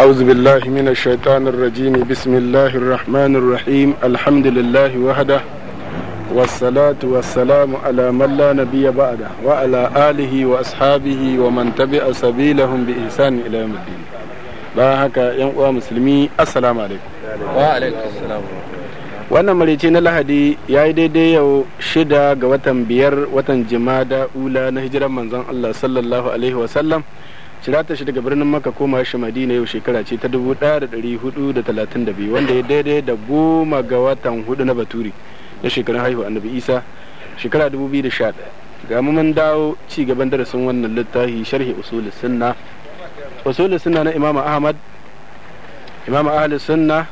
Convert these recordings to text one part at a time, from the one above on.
أعوذ بالله من الشيطان الرجيم بسم الله الرحمن الرحيم الحمد لله وحده والصلاة والسلام على من لا نبي بعده وعلى آله وأصحابه ومن تبع سبيلهم بإحسان إلى يوم الدين باهك ينقوى مسلمي السلام عليكم وعليكم السلام wannan marici na lahadi ya yi daidai yau shida ga watan biyar watan jimada ula na hijiran manzon allah sallallahu alaihi wasallam cirata shi daga birnin maka koma shi madina yau shekara ce ta 1432 wanda ya daidai da goma ga watan hudu na baturi na shekarun haihuwa annabi isa shekara 2011 ga mun dawo ci gaban darasin wannan littafi sharhi usulul sunna usulul sunna na imam ahmad imam ahli sunna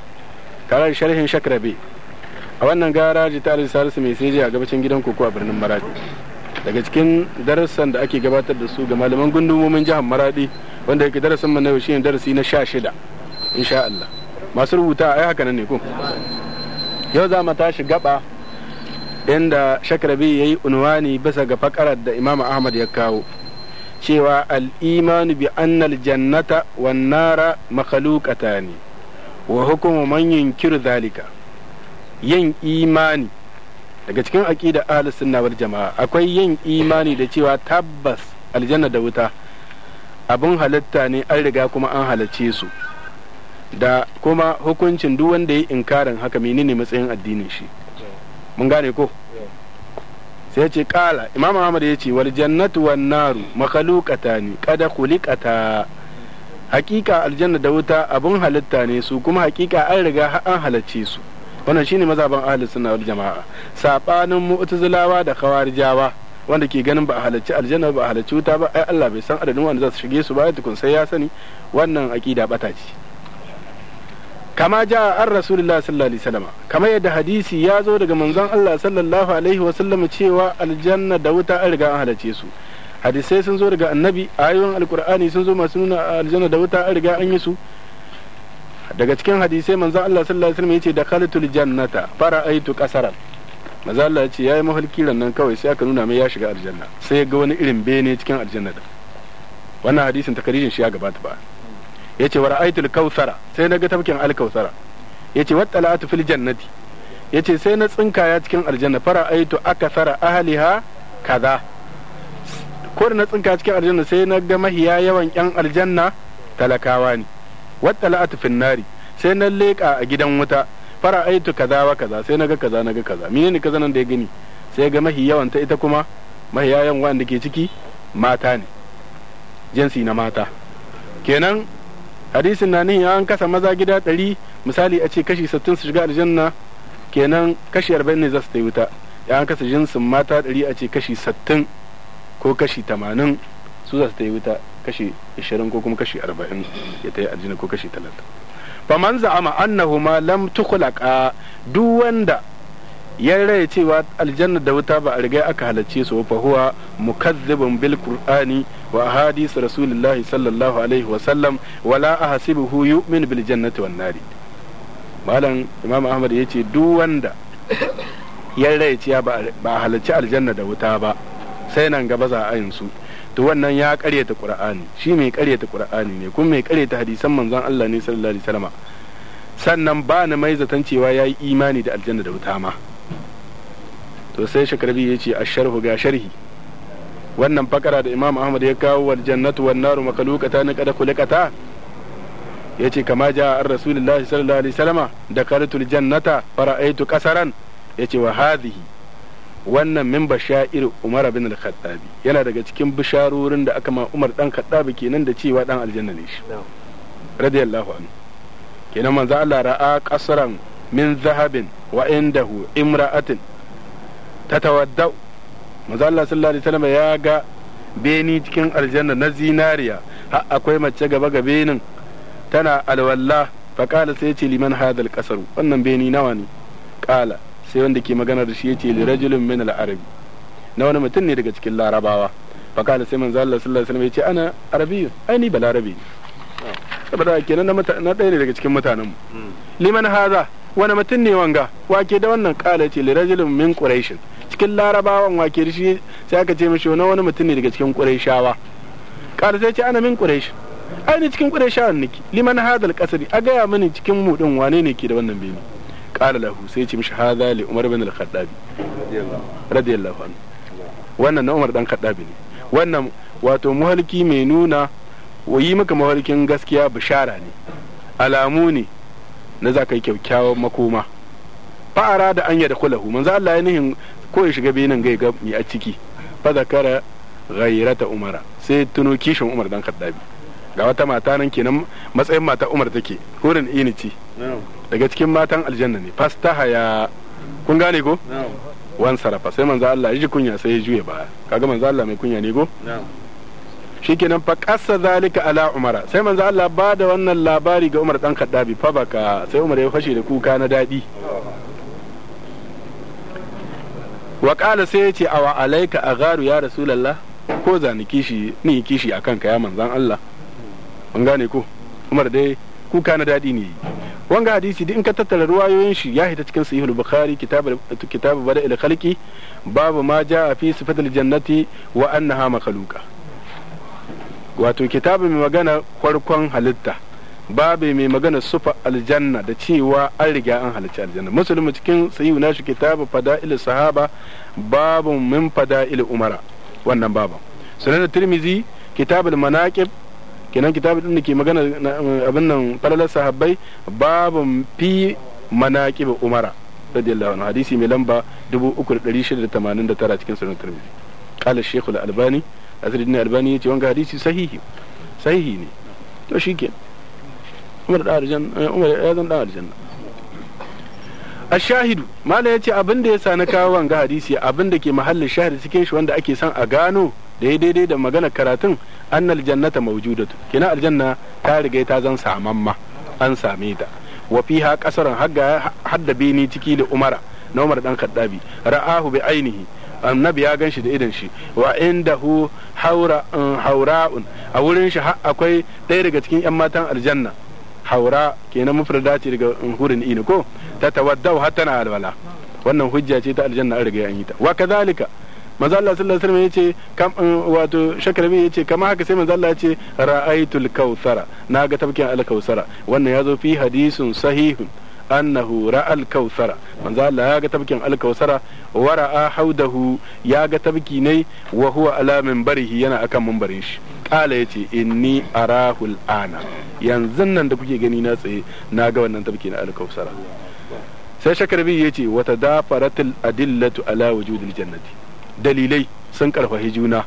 tare da sharhin shakrabe a wannan garaji ta alisalis mai sai a gabacin gidan koko a birnin maradi daga cikin darasan da ake gabatar da su ga malaman gundumomin jihar maradi wanda yake darasin mu na yau shine darasi na sha shida insha Allah masu rubuta ai haka nan ne ko yau za mu tashi gaba inda shakarabi yi unwani bisa ga fakarar da Imam Ahmad ya kawo cewa al'imanu bi annal jannata wan nara ne wa hukumu man yunkiru zalika. yin imani daga cikin aƙida ahli sunna wal jama'a akwai yin imani da cewa tabbas aljanna da wuta abun halitta ne an riga kuma an halarce su da kuma hukuncin duk wanda ya inkarin haka menene matsayin addinin shi mun gane ko sai ce kala imam muhammad ya ce wal jannatu wan naru ni qad khuliqata hakika aljanna da wuta abun halitta ne su kuma hakika an riga an halarce su wannan shine mazhaban ahli sunna wal jama'a sabanin mu'tazilawa da khawarijawa wanda ke ganin ba a halarci aljanna ba a halarci wuta ba ai Allah bai san adadin wanda za su shige su ba tukun sai ya sani wannan aqida bata ce kama ja an rasulullahi sallallahu alaihi wasallam kama yadda hadisi ya zo daga manzon Allah sallallahu alaihi wasallam cewa aljanna da wuta an riga an halarce su hadisai sun zo daga annabi ayoyin alqur'ani sun zo masu nuna aljanna da wuta an riga an yi su daga cikin hadisai manzo Allah sallallahu alaihi wasallam yace khalatul jannata aitu kasaran manzo Allah yace yayi mahalki nan kawai sai aka nuna mai ya shiga aljanna sai ga wani irin bene cikin aljanna da wannan hadisin takaririn shi ya gabata ba yace wa ra'aitul kautsara sai na ga tafkin alkautsara yace talatu fil jannati yace sai na tsinkaya cikin aljanna fara aitu akasara ahliha kaza ko da na tsinka cikin aljanna sai na ga mahiya yawan yan aljanna talakawa ne wattala'atu fin nari sai na leƙa a gidan wuta fara aitu kaza wa kaza sai naga kaza naga kaza ne kaza nan da ya gani sai ga mahi yawan ta ita kuma mahi yayan wanda ke ciki mata ne jinsi na mata kenan hadisin na nihin an kasa maza gida ɗari misali a ce kashi sittin su shiga aljanna kenan kashi arba'in ne za su ta yi wuta ya an kasa jinsin mata ɗari a ce kashi sittin ko kashi tamanin su za su ta yi wuta kashi 20 ko kuma kashi 40 ya ta yi aljina ko kashi 30 faman za'ama ma lam tukhlaqa duk wanda ya rai cewa aljanna da wuta ba a riga aka halarce su fa huwa mukazzibun bil qur'ani wa ahadith rasulillahi sallallahu alaihi wa sallam wala ahsibuhu yu'min bil jannati wan nari malam imam ahmad yace duk wanda ya rai cewa ba a halarci aljanna da wuta ba sai nan gaba za a yin su to wannan ya ta qur'ani shi mai karyata qur'ani ne kuma mai karyata hadisan manzon Allah ne sallallahu alaihi wasallam sannan ba ni mai zaton cewa yayi imani da aljanna da wuta ma to sai shakarbi ce asharhu ga sharhi wannan fakara da Imam Ahmad ya kawo wal jannatu wan naru makalukata ni kada ya yace kama ja ar rasulullahi sallallahu alaihi wasallam dakaratul jannata fara'aitu kasaran yace wa hadhihi wannan min bashair Umar bin al-Khattabi yana daga cikin bisharorin da aka ma Umar dan Khattabi kenan da cewa dan aljanna ne shi radiyallahu anhu kenan manzo Allah ra'a qasran min zahabin wa indahu imra'atin tatawadda manzo Allah sallallahu alaihi wasallam ya ga beni cikin aljanna na zinariya har akwai mace gaba ga benin tana alwalla qala sai ce liman hadal qasaru wannan beni nawa ne qala sai wanda ke magana da shi ce li rajulin min al-arabi na wani mutum ne daga cikin larabawa fakala sai manzo Allah sallallahu alaihi wasallam ce ana arabi ai ni balarabi saboda kenan na na ɗaya ne daga cikin mutanenmu hmm. liman haza wani mutum ne wanga wake da wannan kala ce li min quraish cikin larabawan wake da shi sai aka ce mishi wani mutum ne daga cikin quraishawa kala sai ce ana min quraish ai ni cikin quraishawan niki liman hadal qasri a gaya mini cikin mu din wane ne ke da wannan bene qala lahu sai ce mishi hadha li umar bin al radiyallahu anhu wannan na umar dan khattabi ne wannan wato muhalki mai nuna wayi maka muhalkin gaskiya bishara ne alamu ne na za ka yi kyakkyawan makoma fa'ara da an da kulahu manzo Allah ya nihin ko ya shiga benin gai ga mi a ciki fa zakara ghayrata umara sai tuno kishin umar dan kaddabi ga wata mata nan kenan matsayin mata umar take hurin ini ce daga cikin matan aljanna ne fasta haya kun gane ko wan sarafa sai manzo Allah ya ji kunya sai ya juye baya kaga manzo Allah mai kunya ne ko shikenan fa qassa zalika ala umara sai manzo Allah ba da wannan labari ga Umar dan kaddabi fa baka sai Umar ya fashe da kuka na dadi wa qala sai ya ce awa alaika agharu ya rasulullah ko zaniki shi ni kishi akan ka ya manzan Allah an gane ko umar dai kuka na daɗi ne wanga hadisi duk in ka tattara ruwayoyin shi ya hita cikin sahihul bukhari kitabu bada il khalqi babu ma jaa fi sifatil jannati wa annaha makhluqa wato kitabu mai magana farkon halitta babu mai magana sufa aljanna da cewa an riga an halicci aljanna musulmi cikin sahihu nashi kitabu fada'il sahaba babu min fada'il umara wannan babu sunan tirmizi kitabul manaqib kenan kitabu din da ke magana abin nan falalar sahabbai babun fi manaqib umara radiyallahu anhu hadisi mai lamba 3689 cikin sunan tirmidhi qala shaykhul albani asirin albani yace wanga hadisi sahihi sahihi ne to shikenan umar da arjan eh, umar ya zan da arjan ashahidu mala yace abin da yasa na kawo wanga hadisi abin da ke mahallin shahid cikin shi wanda ake son a gano daidai da magana karatun annal maujuda tu kina aljanna ta riga ta zan samamma an same ta wa fiha kasaran hagga hadda bini ciki da umara na umar dan kaddabi ra'ahu bi ainihi annabi ya ganshi da idan shi wa indahu haura haura'un a wurin shi akwai ɗaya daga cikin yan matan aljanna haura kenan mufrada ce daga hurin ini ko ta tawaddau hatta na alwala wannan hujja ce ta aljanna an riga an yi ta wa kadhalika manzo Allah sallallahu alaihi yace kam eh, wato shakarami yace kama haka sai manzo Allah yace ra'aitul kautsara naga tafkin al-kautsara wannan yazo fi hadisun sahihun annahu ra'al kautsara manzo Allah ya ga tafkin al-kautsara wa ra'a haudahu ya ga tafki ne wa huwa ala minbarihi yana akan minbarin shi kala yace inni arahu al-ana yanzu nan da kuke gani na tsaye na ga wannan tafki na al-kautsara sai shakarbi yace wata dafaratul adillatu ala wujudil jannati dalilai sun karfafi juna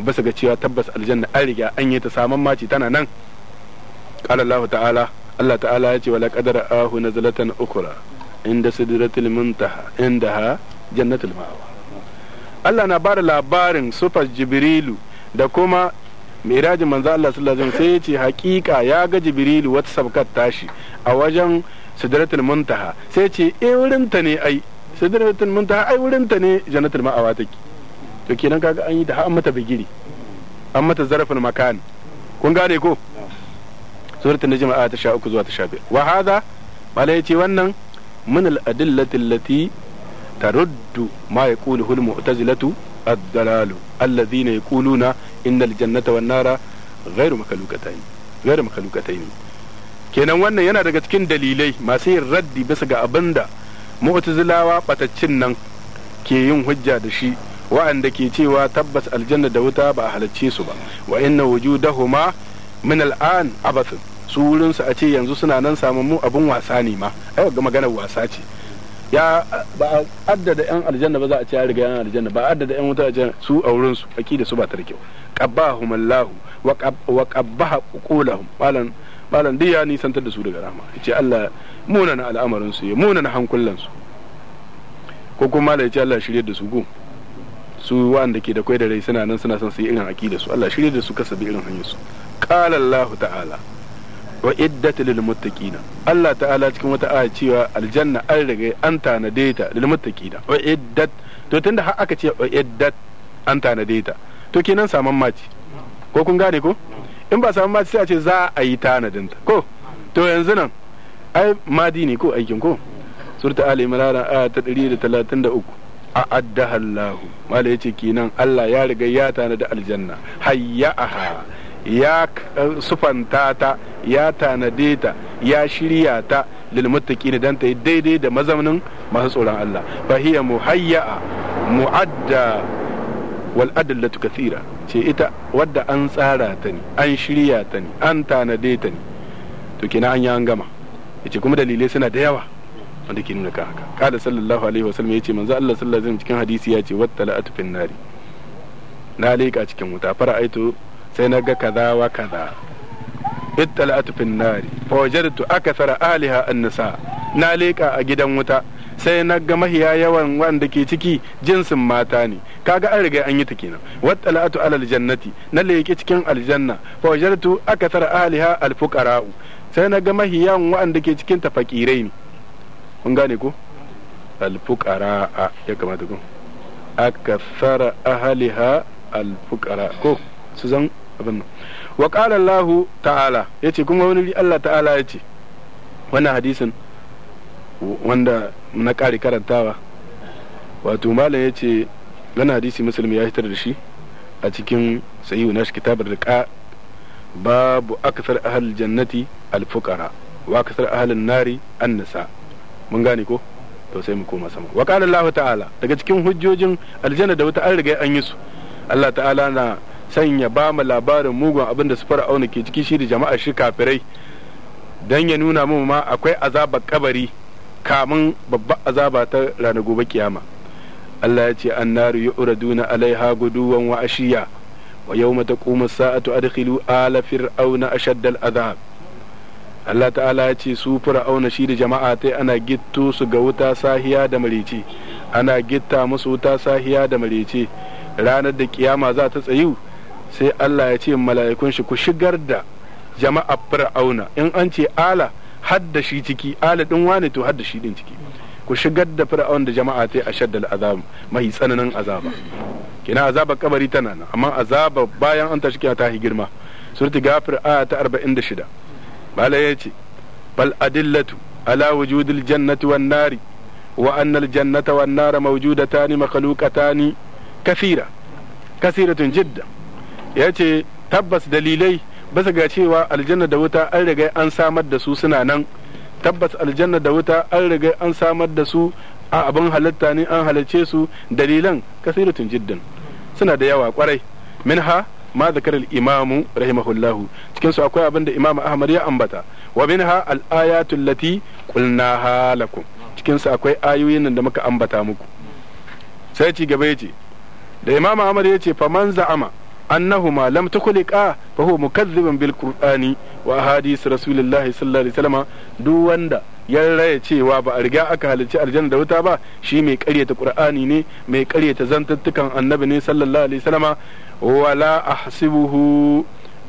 bisa ga cewa tabbas aljanna an riga an yi ta saman maci tana nan qala Allah ta'ala Allah ta'ala ya ce wala qadara ahu nazlatan ukra inda sidratil muntaha indaha jannatul ma'awa Allah na bada labarin sufas jibrilu da kuma mirajin manzo Allah sallallahu alaihi wasallam sai ya ce hakika ya ga jibrilu wata sabkat tashi a wajen sidratul muntaha sai ce eh wurin ta ne ai sidratul muntaha ai wurin ta ne jannatul ma'awa take to kenan kaga an yi da an mata bigiri an mata zarafin makani kun gane ko an najm ayat ta 13 zuwa ta 15 wa hadha mala yace wannan min al adillati allati taruddu ma yaquluhu al mu'tazilatu ad-dalal alladhina yaquluna innal jannata wan nara ghayru makhluqatayn ghayru makhluqatayn kenan wannan yana daga cikin dalilai masu yin raddi bisa ga abinda mu'tazilawa batacin nan ke yin hujja da shi wa'anda ke cewa tabbas aljanna da wuta ba a halarci su ba wa inna wujudahuma min al'an abath su wurin su a ce yanzu suna nan samun mu abun wasa ne ma ai ga maganar wasa ce ya ba a addada yan aljanna ba za a ce ya riga yan aljanna ba a addada yan wuta aljanna su a wurin su akida su ba ta da kyau qabbahum Allah wa qabbaha qulahum malan malan dai ya nisantar da su daga rahma yace Allah munana al'amarin su ya munana hankulan su ko kuma Allah ya ce Allah shirye da su gum su wanda ke da kwai da rai suna nan suna son su yi irin aqida su Allah shirye da su bi irin hanyar su qala Allah ta'ala wa iddat lil muttaqina Allah ta'ala cikin wata aya cewa aljanna an riga an tanade ta lil muttaqina wa iddat to tunda har aka ce wa iddat an tanade ta to kenan saman maci ko kun gane ko in ba saman maci sai a ce za a yi tanadin ta ko to yanzu nan ai madi ne ko aikin ko surta ali imran aya ta 133 a addahallahu mala ce kinan Allah ya riga ya tanada aljanna aha ya eh, sufanta ta ya tanade ta ya shirya ta lil muttaqin dan ta daidai da mazaunin masu tsoron Allah fa hiya muhayya'a mu'adda wal adillatu kathira ce ita wadda an tsara ta ne an shirya ta ne an tanade ta ne to kina an ya an gama yace kuma dalilai suna da yawa wanda ke nuna ka haka kada sallallahu alaihi wasallam ya ce manzo Allah sallallahu alaihi cikin hadisi ya ce wattala atfin nari na leƙa cikin wuta fara aito sai na ga kaza wa kaza ittala atfin nari fa wajadtu akthara aliha annisa na leƙa a gidan wuta sai na ga mahiya yawan wanda ke ciki jinsin mata ne kaga an riga an yi ta kenan atu alal jannati na leke cikin aljanna fa wajadtu akthara aliha alfuqara'u sai na ga mahiyan wanda ke cikin ta fakirai ne mun gane ko alfukara a ya kamata ko akathara ahliha alfukara ko su zan abin wa qala Allah ta'ala yace kuma wani Allah ta'ala ya ce wannan hadisin wanda na ƙari karantawa wato malam yace wani hadisi musulmi ya hitar da shi a cikin sahihu nashi kitabar riqa babu akasar ahlul jannati alfukara wa akthar ahlun nari an annisa mun gane ko to sai mu koma sama wa qala Allah ta'ala daga cikin hujjojin aljanna da wata an riga an yi su Allah ta'ala na sanya ba mu labarin mugun abin da su auna ke ciki shi da jama'a shi kafirai dan ya nuna mu ma akwai azabar kabari kamun babbar azaba ta ranar gobe kiyama Allah ya ce annaru yu'raduna alaiha guduwan wa ashiya wa yawma taqumu as-sa'atu adkhilu ala fir'auna ashaddal azab Allah ta'ala ya ce su fir'auna shi da jama'a tai ana gittu su ga wuta sahiya da marici ana gitta musu wuta sahiya da marici ranar da kiyama za ta tsayu sai Allah ya ce mala'ikun shi ku shigar da jama'a fir'auna in an ce ala hadda shi ciki ala din wane to hadda shi din ciki ku shigar da fir'aun da jama'a tai ashaddal azab mai tsananin azaba kina azaba kabari tana nan amma azaba bayan an tashi ta girma surati gafir aya ta 46 bala ya ce bal adillatu ala wujudil jannati wan nari wa annal jannata wan nara mawjudatani makhluqatani kathira kasiratun jidda ya ce tabbas dalilai bisa ga cewa aljanna da wuta an riga an samar da su suna nan tabbas aljanna da wuta an riga an samar da su a abin halitta ne an halarce su dalilan kasiratun jiddan suna da yawa kwarai min ha. ma zakarar imamu rahimahullahu cikin su akwai abin da imamu ahmad ya ambata wa minha al ayatul lati qulnaha lakum cikin su akwai ayoyin nan da muka ambata muku sai ci gaba yace da imamu ahmad yace faman za'ama annahuma lam tukhliqa fa huwa mukazzibun bil qur'ani wa hadisi rasulillahi sallallahu alaihi wasallam duk wanda ya raya cewa ba a riga aka halicci aljanna da wuta ba shi mai karyata kur'ani ne mai karyata zantattukan annabi ne sallallahu alaihi wasallama wala ahsibuhu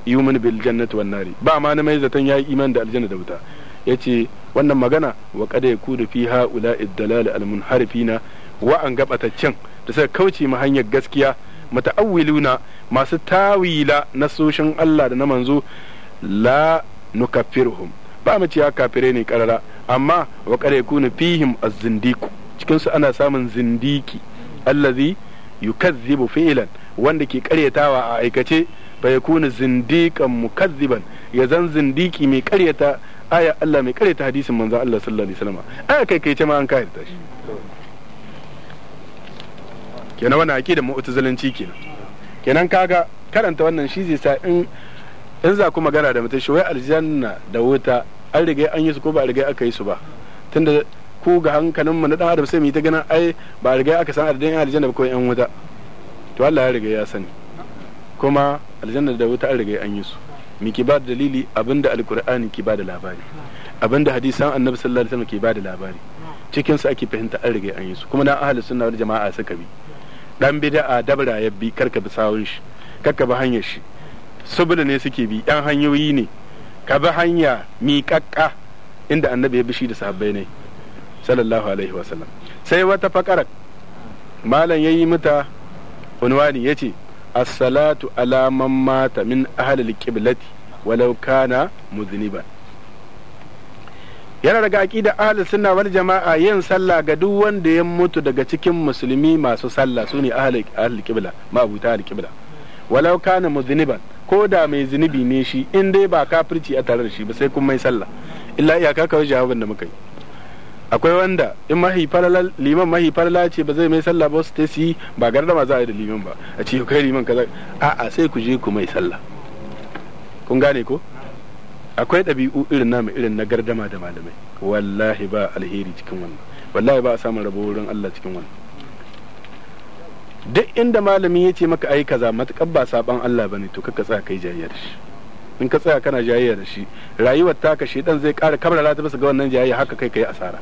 yumin bil jannati wan nari ba ma na mai zaton yayi iman da aljanna da wuta yace wannan magana wa kada yakunu fi haula dalal al munharifina wa an gabataccen da suka kauce ma hanyar gaskiya mata'awwiluna masu tawila nasoshin Allah da na manzo la nukaffiruhum ba mu ciya kafire ne karara amma wa kada yakunu fihim az-zindiq cikin su ana samun zindiki allazi yukazzibu fi'ilan wanda ke karyatawa a aikace fa yakunu zindiqan mukazziban ya zan zindiki mai karyata aya Allah mai karyata hadisin manzo Allah sallallahu alaihi wasallam aya kai kai ce ma an karyata shi kenan wannan aqidar mu'tazilanci kenan kenan kaga karanta wannan shi zai sa in in za ku magana da mutum shi wai aljanna da wuta an riga an yi su ko ba a riga aka yi su ba tunda ko ga hankalinmu na dan adam sai mu yi ta ganin ai ba riga aka san adadin yan aljanna ko yan wuta to Allah ya riga ya sani kuma aljanna da wuta an riga an yi su mi ki ba da dalili abinda alkur'ani ki ba da labari abinda hadisan annabi sallallahu alaihi wasallam ki ba da labari cikin su ake fahimta an riga an yi su kuma dan ahli sunna wal jama'a suka bi dan bid'a dabra ya bi karka bi sawun shi karka bi hanyar shi subula ne suke bi yan hanyoyi ne ka bi hanya miƙaƙƙa inda annabi ya bi shi da sahabbai ne sallallahu alaihi wasallam sai wata fakarar malam yayi mata unwani yace as-salatu ala man mata min ahli al-qiblati walau kana muzniban yana daga aqida ahli sunna wal jama'a yin sallah ga duk wanda ya mutu daga cikin musulmi masu sallah sune ahli ahli qibla ma'abuta ahli qibla walau kana muzniban ko da mai zunubi ne shi in dai ba kafirci a tare da shi ba sai kun mai sallah illa iyaka kawai jawabin da muka yi akwai wanda in mahi falala liman mahi falala ce ba zai mai sallah ba su ta yi ba ma za a yi da liman ba a ce kai liman kaza a'a sai ku je ku mai sallah kun gane ko akwai ɗabi'u irin namu irin na gardama da malamai wallahi ba alheri cikin wannan wallahi ba a samun rabo wurin Allah cikin wannan duk inda malami ya ce maka ai kaza matakan ba saban Allah bane to kaka tsaya kai jayyar shi in ka tsaya kana jayayya da shi rayuwar ta kashe dan zai ƙara kamar ta su ga wannan jayayya haka kai kai asara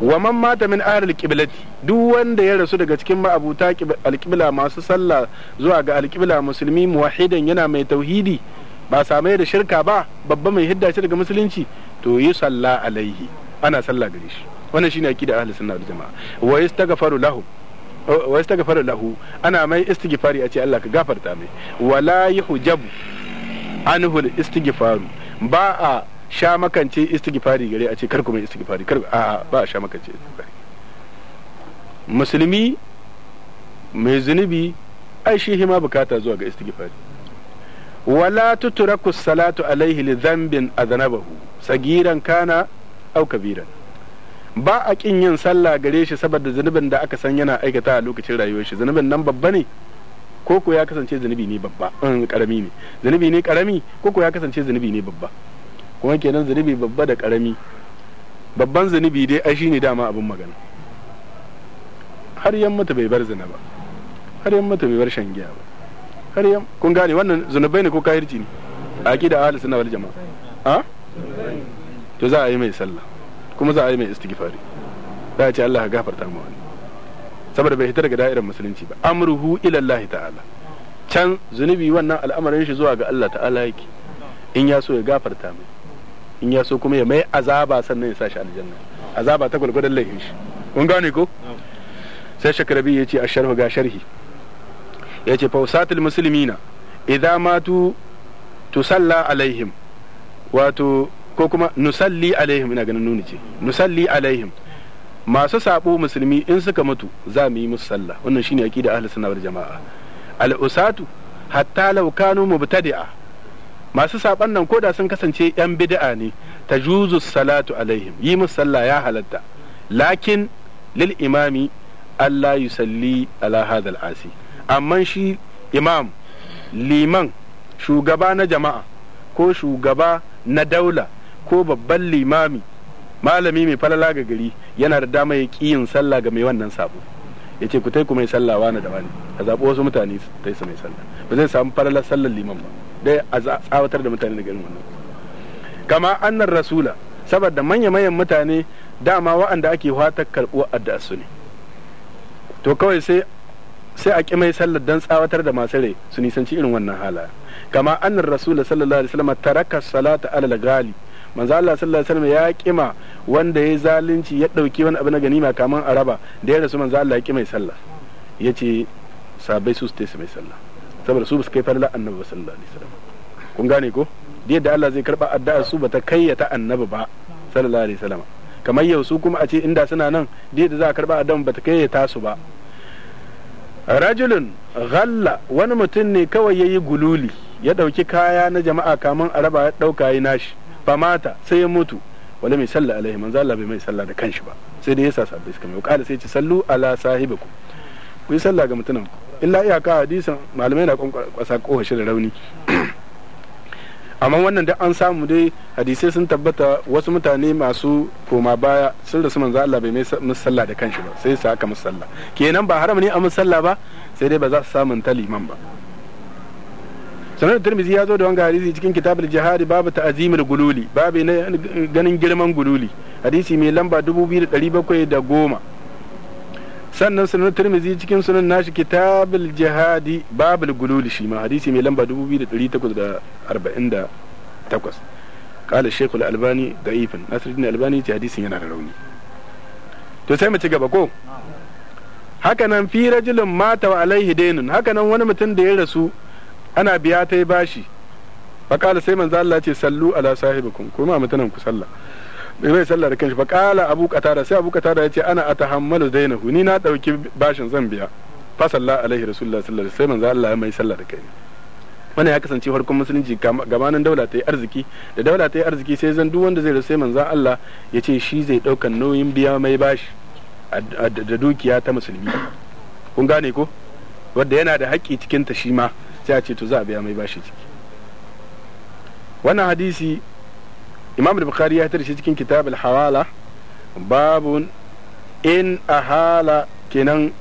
wa man mata min ahlil qiblati duk wanda ya rasu daga cikin ma'abuta alqibla masu sallah zuwa ga alqibla musulmi muwahidan yana mai tauhidi ba same da shirka ba babba mai hidda shi daga musulunci to yi sallah alaihi ana sallah gare shi wannan shine aqida ahlus sunna wal jamaa wa yastaghfiru lahu wa yastaghfiru lahu ana mai istighfari a ce Allah ka gafarta mai wala yuhjabu anhul istighfaru ba a sha makance istighfari gare a ce kar kuma istighfari kar a ba a sha makance istighfari musulmi mai zunubi ai shi hima bukata zuwa ga istighfari wala tutraku salatu alaihi li dhanbin adhanabahu sagiran kana au kabiran ba a kin yin sallah gare shi saboda zunubin da aka san yana aikata a lokacin rayuwar shi zunubin nan babba ne ko ko ya kasance zunubi ne babba mm, karami ne zunubi ne karami ko ko ya kasance zunubi ne babba kuma kenan zunubi babba da karami babban zunubi dai ai shine dama abin magana har yan mata bai bar zina ba har yan mata bai bar shan giya ba har yan kun gane wannan zunubai ne ko kayirci ne aqida ahli sunna wal jamaa a to za a yi mai sallah kuma za a yi mai istighfari da ya ce Allah ya gafarta mu wani saboda bai hita daga da'irar musulunci ba amruhu ila Allah ta'ala can zunubi wannan al'amarin shi zuwa ga Allah ta'ala yake in ya so ya gafarta mai in ya so kuma ya mai azaba sannan ya sa shi aljanna azaba ta gwargwadon laifin shi kun gane ko sai shakarabi ya ce a sharhu ga sharhi ya ce fausatul musulmina idza matu tusalla alaihim wato ko kuma nusalli alaihim ina ganin nuni ce nusalli alaihim masu sabo musulmi in suka mutu za mu yi musu sallah wannan shine aqida ahli sunna wal jamaa al usatu hatta law kanu mubtadi'a masu saban nan koda sun kasance yan bid'a ne tajuzu salatu alaihim yi musu sallah ya halatta lakin lil imami Allah yusalli ala hadha asi amma shi imam liman shugaba na jama'a ko shugaba na daula ko babban limami malami mai falala ga gari yana da dama ya ƙi yin sallah ga mai wannan sabo ya ce ku tai ku mai sallah wani da wani a zaɓi wasu mutane ta su mai sallah ba zai samu falalar sallar liman ba dai a tsawatar da mutane da irin wannan kama annar rasula saboda manya-manyan mutane dama wa'anda ake fatar karɓuwa adda su ne to kawai sai sai a ƙi mai sallar dan tsawatar da masu rai su nisanci irin wannan halaya kama annar rasula sallallahu alaihi wasallam taraka salata alal gali manzo Allah sallallahu alaihi wasallam ya kima wanda ya zalunci ya dauki wani abu na ganima kaman araba da ya rasu manzo Allah ya kima sallah yace sabai su su mai sallah saboda su suka kai farla annabi sallallahu alaihi wasallam kun gane ko da yadda Allah zai karba addu'a su bata kayyata annabi ba sallallahu alaihi wasallam kamar yau su kuma a ce inda suna nan da yadda za a karba addu'a bata kayyata su ba rajulun ghalla wani mutum ne kawai yayi gululi ya dauki kaya na jama'a kaman araba ya dauka yi nashi Ba mata sai ya mutu wala mai salla alaihi manzo Allah bai mai salla da kanshi ba sai dai yasa sabbi suka mai kala sai ce sallu ala sahibiku ku yi salla ga mutunan ku illa iyaka hadisin malamai na kwasa kowace da rauni amma wannan da an samu dai hadisai sun tabbata wasu mutane masu koma baya sun rasu manzo Allah bai mai musalla da kanshi ba sai sa aka musalla kenan ba haram ne a musalla ba sai dai ba za su samu taliman liman ba sanar tirmizi ya zo da wanga hadisi cikin kitabul jihadi babu ta'azimul gululi babu na ganin girman gululi hadisi mai lamba 2710 sannan sunan tirmizi cikin sunan nashi kitabul jihadi babu gululi shi ma hadisi mai lamba 2848 albani da ifin ضعيفا albani ce hadisi yana da rauni to sai mu ci gaba ko hakanan fi rajulun mata wa alaihi haka hakanan wani mutum da ya rasu ana biya ta yi bashi faƙala sai manzo Allah ce sallu ala sahibikum ma mutanen ku sallah bai sallah da kanshi faƙala abu qatada sai abu qatada yace ana atahammalu dainahu ni na dauki bashin zan biya fa sallallahu alaihi rasulullah sallallahu alaihi sai manzo Allah ya mai sallah da kai wannan ya kasance farkon musulunci gabanin daula ta yi arziki da daula ta yi arziki sai zan duk wanda zai rasu sai manzan Allah ya ce shi zai ɗaukan nauyin biya mai bashi da dukiya ta musulmi kun gane ko wadda yana da haƙƙi cikin ta shi ma sai a ce to za a biya mai bashi ciki wannan hadisi imam bukari ya tarishi cikin kitab al-hawala babun in hala kenan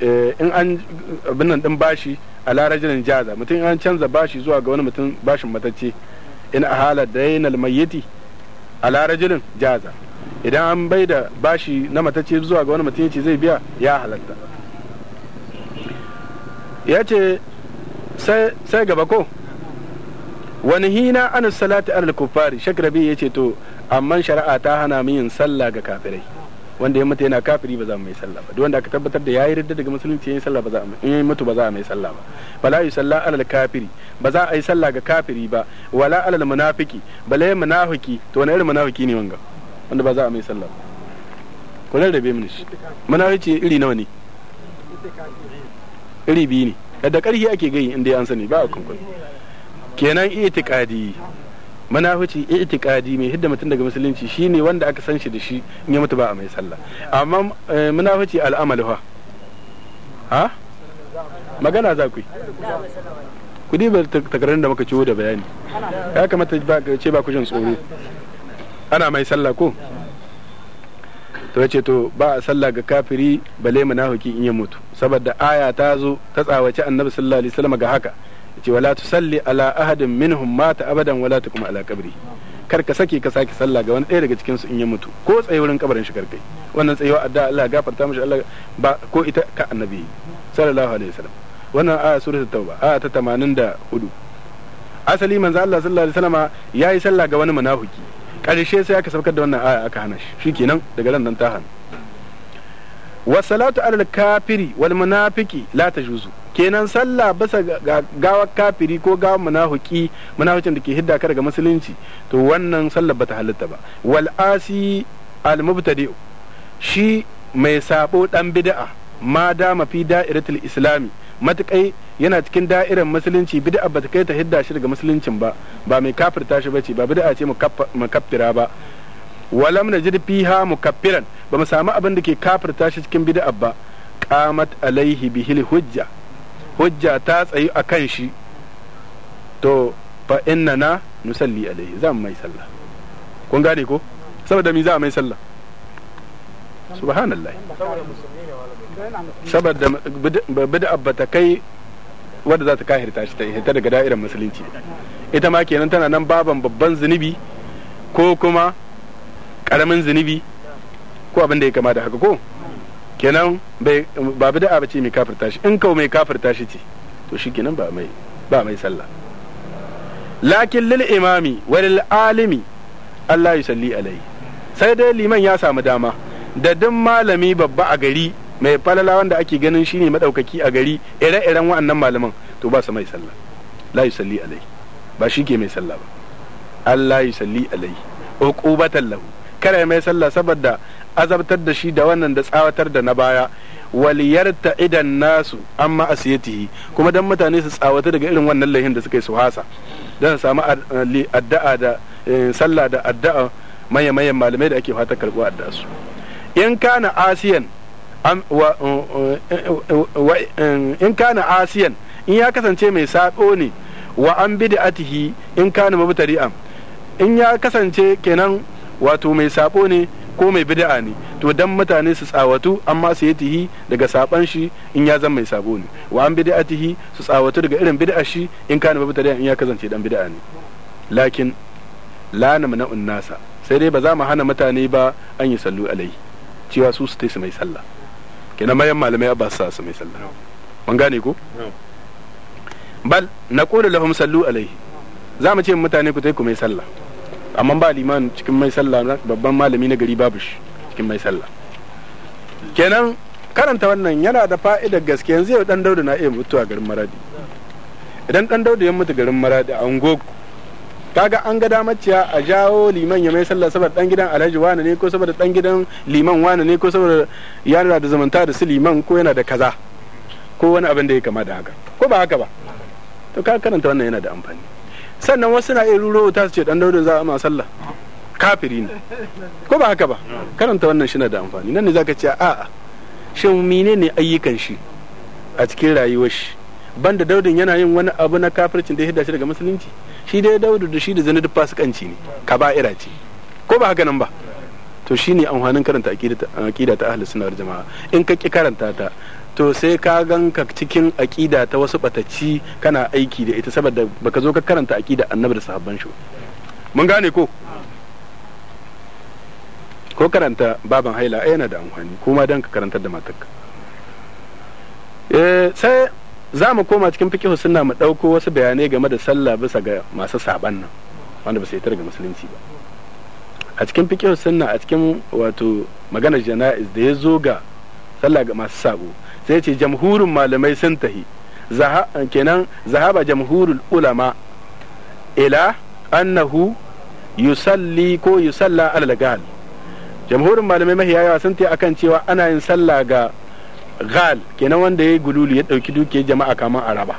eh, in an abin din bashi a larajin jaza mutum an canza bashi zuwa ga wani mutum bashin matacce in a hala dainal mayyiti a larajin jaza idan an bai da bashi na matacce zuwa ga wani mutum ce zai biya ya halatta ya ce sai gaba ko wani hina an salati alal kuffari shakrabi ce to amma shari'a ta hana min yin sallah ga kafirai wanda ya mutu yana kafiri ba za mu yi sallah ba duk wanda aka tabbatar da yayi ridda daga musulunci yayi sallah ba za mu in mutu ba za mu yi sallah ba bala yi sallah alal kafiri ba za a yi sallah ga kafiri ba wala alal munafiki bala munafiki to wani irin munafiki ne wanga wanda ba za a mai sallah ba da bai mun shi munafiki iri nawa ne iri biyu ne da ƙarfi ake gai inda an sani ba a kunkuri kenan itikadi munafici itikadi mai hidda mutum daga musulunci shine wanda aka san shi da shi in ya mutu ba a mai sallah amma eh, munafici al'amal ha magana za ku yi ku diba takararun da muka ciwo da bayani ya kamata ce ba ku jin tsoro ana mai sallah ko to ya ce to ba a sallah ga kafiri bale munafiki in ya mutu saboda aya ta zo ta tsawace annabi sallallahu alaihi wasallam ga haka yace wala tusalli ala ahadin minhum mata abadan wala takum ala qabri kar ka sake ka sake sallah ga wani ɗaya daga cikin su in ya mutu ko tsaye wurin kabarin shi karkai wannan tsayewa adda Allah gafarta mishi Allah ba ko ita ka annabi sallallahu alaihi wasallam wannan aya suratul tauba aya ta 84 asali manzo Allah sallallahu alaihi wasallam yayi sallah ga wani munafiki karshe sai aka saukar da wannan aya aka hana shi shikenan daga nan ta hana wasalatu alal kafiri wal munafiki la tajuzu kenan sallah bisa gawa kafiri ko gawa munafiki munafikin da ke hidda ka daga musulunci to wannan sallah bata halitta ba wal asi al mubtadi shi mai sabo dan bid'a ma da mafi da'iratul islami matukai yana cikin da'irar musulunci bid'a bata kai ta hidda shi daga musuluncin ba ba mai kafirta shi bace ba bid'a ce mu kafira ba walam najid fiha mukaffiran ba mu samu abin da ke kafirta shi cikin bid'a ba qamat alaihi bihil hujja hujja ta tsayu akan shi to fa innana nusalli alaihi za mu mai sallah kun gane ko saboda mi za mai sallah subhanallah saboda bid'a ba ta kai wadda za ta kahirta shi ta hita daga da'irar musulunci ita ma kenan tana nan baban babban zunubi ko kuma karamin zunubi ko abin da ya kama da haka ko kenan bai ba ce mai kafirta shi in kawo mai kafirta shi ce to shi kenan ba mai ba mai sallah lakin lil imami wa lil alimi Allah ya salli alai sai dai liman ya samu dama da duk malami babba a gari mai falala wanda ake ganin shine madaukaki a gari ire-iren wa'annan malaman to ba su mai sallah la yusalli alai ba shi ke mai sallah ba Allah salli alai uqubatan lahu kada mai sallah saboda azabtar da shi da wannan da tsawatar da na baya waliyar ta idan nasu amma asiyatihi kuma dan mutane su tsawata daga irin wannan lahin da suka yi su hasa don samu addu'a da eh, sallah da addu'a maye mayan malamai da ake fata karɓo addu'a su in kana asiyan eh, eh, in kana asiyan in ya kasance mai sako ne wa an bi atihi in kana mubtari'an in ya kasance kenan wato mai sabo ne ko mai bid'a ne to dan mutane su tsawatu amma su yi tihi daga saban shi in ya zama mai sabo ne wa an tihi su tsawatu daga irin bid'a shi in kana babu tare in ya kasance dan bid'a ne lakin la namna nasa sai dai ba za mu hana mutane ba an yi sallu alai cewa su su su mai sallah kenan mayan malamai ba su su mai sallah mun gane ko bal naqulu lahum sallu alai za mu ce mutane ku tai ku mai sallah amma ba liman cikin mai sallah na babban malami na gari babu shi cikin mai sallah kenan karanta wannan yana da fa'ida gaske yanzu yau dan dauda na iya mutuwa garin maradi idan dan dauda ya mutu garin maradi a ungogo kaga an ga damaciya a jawo liman ya mai sallah saboda dan gidan alhaji wani ne ko saboda dan gidan liman wani ne ko saboda yana da zamanta da su liman ko yana da kaza ko wani abin da ya kama da haka ko ba haka ba to ka karanta wannan yana da amfani sannan wasu na iya ruro ta su ce dan daudin za a ma sallah kafiri ne ko ba haka ba karanta wannan shi na da amfani nan ne za ka ce a'a shin mine ne ayyukan shi a cikin rayuwar shi banda daudin yana yin wani abu na kafircin da ya hidda shi daga musulunci shi dai daudu da shi da zina duk fasikanci ne ira ce ko ba haka nan ba to shi ne amfanin karanta aqida ta ahlus suna jamaa in ka ki karanta ta to sai ka gan ka cikin aƙida ta wasu batacci kana aiki da ita saboda baka zo ka karanta aƙida annabi da sahabban shi mun gane ko ko karanta baban haila ai eh, yana da amfani kuma dan ka karantar da matarka eh sai za mu koma cikin fiqh sunna mu dauko wasu bayanai game da sallah bisa ga masu saban nan wanda ba sai daga musulunci ba a cikin fiqh sunna a cikin wato maganar jana'iz da ya zo ga sallah ga masu sabo sai ce jamhurin malamai sun tahi kenan zahaba jamhurul ulama ila annahu yusalli ko yusalla al gal jamhurin malamai mahiya yawa sun tahi akan cewa ana yin sallah ga gal kenan wanda ya yi gululu ya dauki duke jama'a kaman araba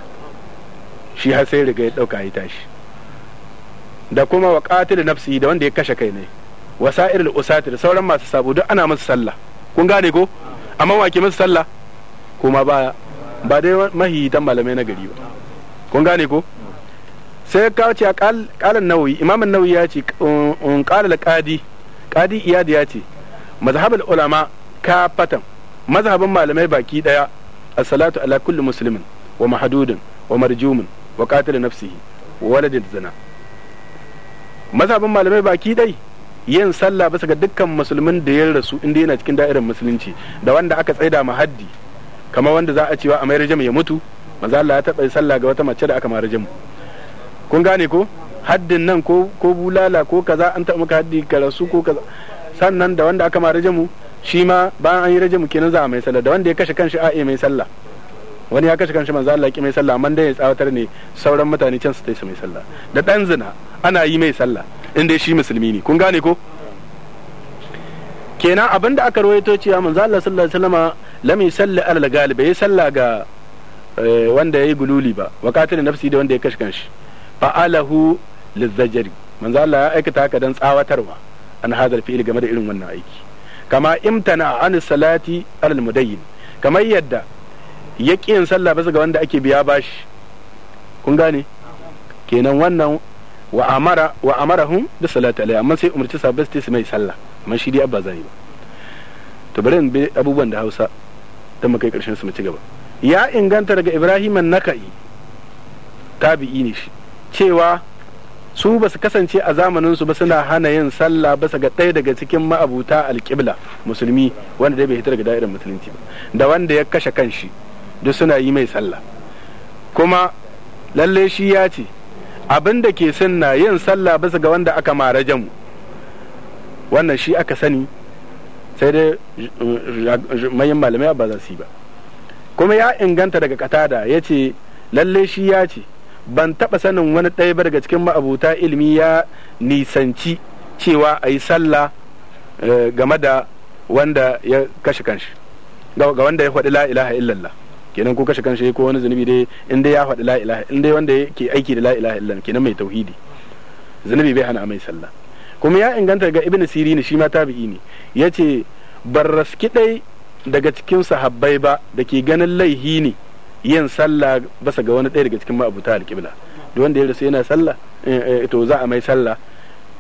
shi har sai riga ya dauka ya tashi da kuma wa qatil nafsi da wanda ya kashe kai ne wasa'irul usatir sauran masu sabo duk ana musu sallah kun gane ko amma wa ke musu sallah ma ba ba dai mahiyitan malamai na gari ba kun gane ko sai ka ce kalan nawawi imamin nawawi ya ce in kalal qadi qadi iyad ya ce mazhabul ulama ka fatan mazhabin malamai baki daya as-salatu ala kulli muslimin wa mahdudin wa marjumin wa qatil nafsihi wa waladin zina mazhabin malamai baki dai yin sallah bisa ga dukkan musulmin da ya rasu inda yana cikin da'irar musulunci da wanda aka tsaida ma haddi kamar wanda za a cewa a mayar ya mutu maza Allah ya taɓa sallah ga wata mace da aka mara jamu kun gane ko haddin nan ko ko bulala ko kaza an taɓa maka haddi ka rasu ko kaza sannan da wanda aka mara jamu shi ma bayan an yi rajamu kenan za a mai sallah da wanda ya kashe kanshi a mai sallah wani ya kashe kanshi manzo Allah ki mai sallah man dai ya tsawatar ne sauran mutane can su tai su mai sallah da dan zina ana yi mai sallah in dai shi musulmi ne kun gane ko kenan abin da aka rawaito cewa manzo Allah sallallahu alaihi wasallam lam yusalli ala galib bai salla ga eh, wanda yayi gululi ba wa qatil nafsi da wanda ya kashe kanshi fa alahu lizajari manzo Allah ya aikata haka dan tsawatarwa an hadal fi'il game da irin wannan aiki kama imtana an salati alal mudayyin kamar yadda ya yin sallah bisa ga wanda ake biya bashi kun gane kenan wannan wa amara wa amarahum da salatu alaihi amma sai umarci sahabbai su mai sallah amma shi dai abba zai ba to bari bi abubuwan da Hausa dan mu kai karshen su mu ci gaba ya inganta daga Ibrahim an-Naka'i tabi'i ne shi cewa su ba su kasance a zamanin su ba suna hana yin sallah ba ga ɗaya daga cikin ma'abuta alƙibla musulmi wanda dai bai hita daga da'irar musulunci ba da wanda ya kashe kanshi duk suna yi mai sallah kuma lalle shi ya ce abin da ke na yin sallah bisa ga wanda aka mara jamu wannan shi aka sani sai dai eh, manyan malamai ba za su yi ba kuma ya inganta daga katada ya ce lalle shi ya ce ban taɓa sanin wani ɗaya ba daga cikin ma'abuta ilimi ya nisanci cewa a yi sallah eh, game da wanda ya kashe kanshi ga wanda ya faɗi la ilaha illallah kenan ko kashe kanshi ko wani zunubi dai in dai ya faɗi la ilaha in dai wanda yake aiki da la ilaha illallah kenan mai tauhidi zunubi bai hana mai sallah kuma ya inganta ga ibnu sirini shi ma tabi'i ne yace barraski dai daga cikin sahabbai ba da ke ganin laihi ne yin sallah basa ga wani ɗaya daga cikin ma'abuta alƙibla da wanda ya rasu yana sallah eh, eh, to za a mai sallah